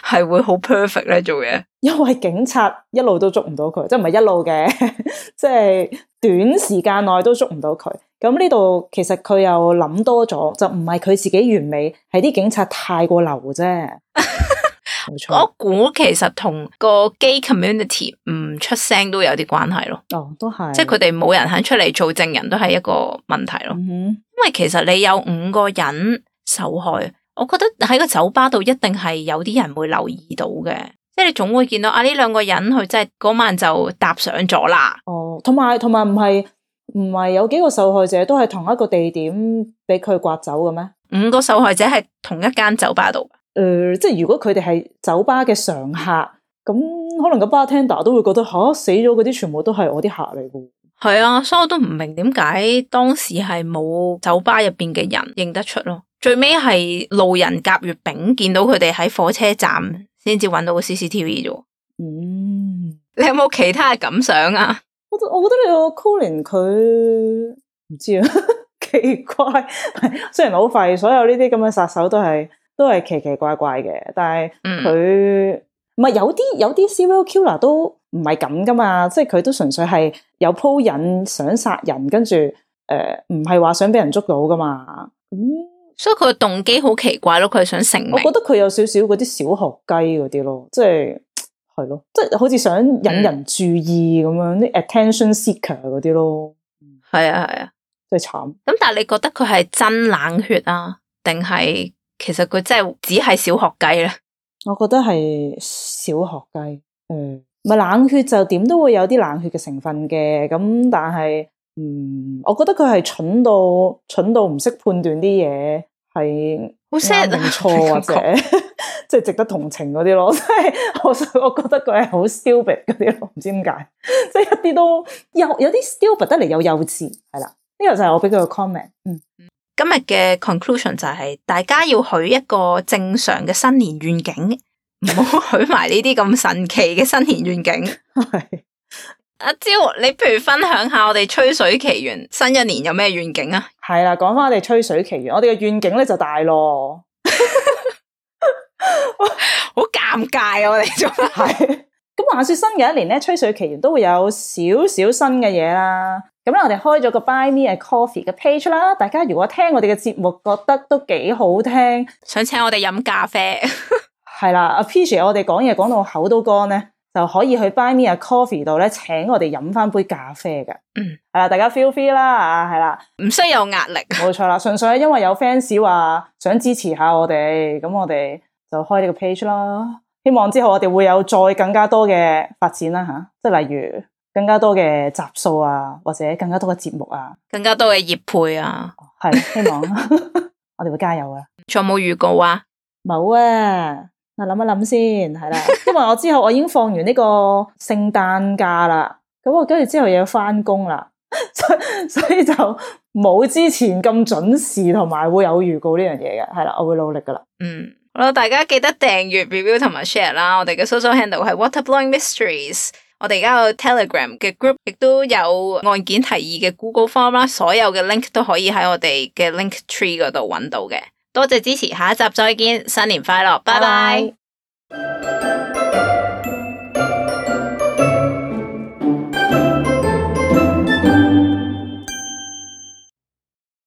係會好 perfect 咧做嘢。因為警察一路都捉唔到佢，即係唔係一路嘅，即 係短時間內都捉唔到佢。咁呢度其實佢又諗多咗，就唔係佢自己完美，係啲警察太過流啫。 冇錯，我估其實同個 gay community 唔出聲都有啲關係咯。哦，都係，即係佢哋冇人肯出嚟做證人都係一個問題咯。嗯哼，因為其實你有五個人受害，我覺得喺個酒吧度一定係有啲人會留意到嘅，即係你總會見到啊，呢兩個人佢真係嗰晚就搭上咗啦。哦，同埋同埋唔係。唔係，有幾個受害者都係同一個地點俾佢刮走嘅咩？五個受害者係同一間酒吧度。誒、呃，即係如果佢哋係酒吧嘅常客，咁可能個 bartender 都會覺得吓、啊、死咗嗰啲，全部都係我啲客嚟嘅。係啊，所以我都唔明點解當時係冇酒吧入邊嘅人認得出咯。最尾係路人甲乙丙見到佢哋喺火車站先至揾到個 CCTV 啫。嗯，你有冇其他嘅感想啊？我我覺得你個 Colin 佢唔知啊， 奇怪。 雖然好廢，所有呢啲咁嘅殺手都係都係奇奇怪怪嘅，但係佢唔係有啲有啲 serial killer 都唔係咁噶嘛，即係佢都純粹係有鋪癮想殺人，跟住誒唔係話想俾人捉到噶嘛。嗯，所以佢嘅動機好奇怪咯，佢想成名。我覺得佢有少少嗰啲小學雞嗰啲咯，即係。係咯，即係好似想引人注意咁樣，啲、嗯、attention seeker 嗰啲咯。係啊係啊，啊真係慘。咁但係你覺得佢係真冷血啊，定係其實佢真係只係小學雞咧？我覺得係小學雞。誒、嗯，咪冷血就點都會有啲冷血嘅成分嘅。咁但係，嗯，我覺得佢係蠢到蠢到唔識判斷啲嘢，係。好 Very sad 錯、啊、或者即係 值得同情嗰啲咯，即係我我覺得佢係好 stupid 嗰啲咯，唔知 點解，即係一啲都有有啲 stupid 得嚟又幼稚係啦，呢、這個就係我俾佢個 comment。嗯，今日嘅 conclusion 就係、是、大家要許一個正常嘅新年願景，唔好許埋呢啲咁神奇嘅新年願景。 阿蕉，你譬如分享下我哋《吹水奇緣》新一年有咩願景啊？係啦，講翻我哋《吹水奇緣》，我哋嘅願景咧就大咯， 好尷尬啊！我哋做仲係咁話，說新嘅一年咧，《吹水奇緣》都會有少少新嘅嘢啦。咁咧，我哋開咗個 Buy Me a Coffee 嘅 page 啦，大家如果聽我哋嘅節目覺得都幾好聽，想請我哋飲咖啡。係 啦，阿 Pierre，我哋講嘢講到口都乾咧。就可以去 Buy Me a Coffee 度咧，請我哋飲翻杯咖啡嘅，係啦、嗯，大家 feel free 啦，啊，係啦，唔需要有壓力，冇錯啦，純粹係因為有 fans 話想支持下我哋，咁我哋就開呢個 page 啦，希望之後我哋會有再更加多嘅發展啦，吓、啊，即係例如更加多嘅集數啊，或者更加多嘅節目啊，更加多嘅業配啊，係、嗯，希望 我哋會加油啊！仲有冇預告啊？冇啊。諗一諗先，係啦，因為我之後我已經放完呢個聖誕假啦，咁我跟住之後又要翻工啦，所以就冇之前咁準時，同埋會有預告呢樣嘢嘅，係啦，我會努力噶啦。嗯，好啦，大家記得訂閱、review 同埋 share 啦。我哋嘅 social handle 係 Waterborne Mysteries，我哋而家有 Telegram 嘅 group 亦都有案件提議嘅 Google Form 啦，所有嘅 link 都可以喺我哋嘅 link tree 嗰度搵到嘅。多謝支持，下一集再見，新年快樂，拜拜。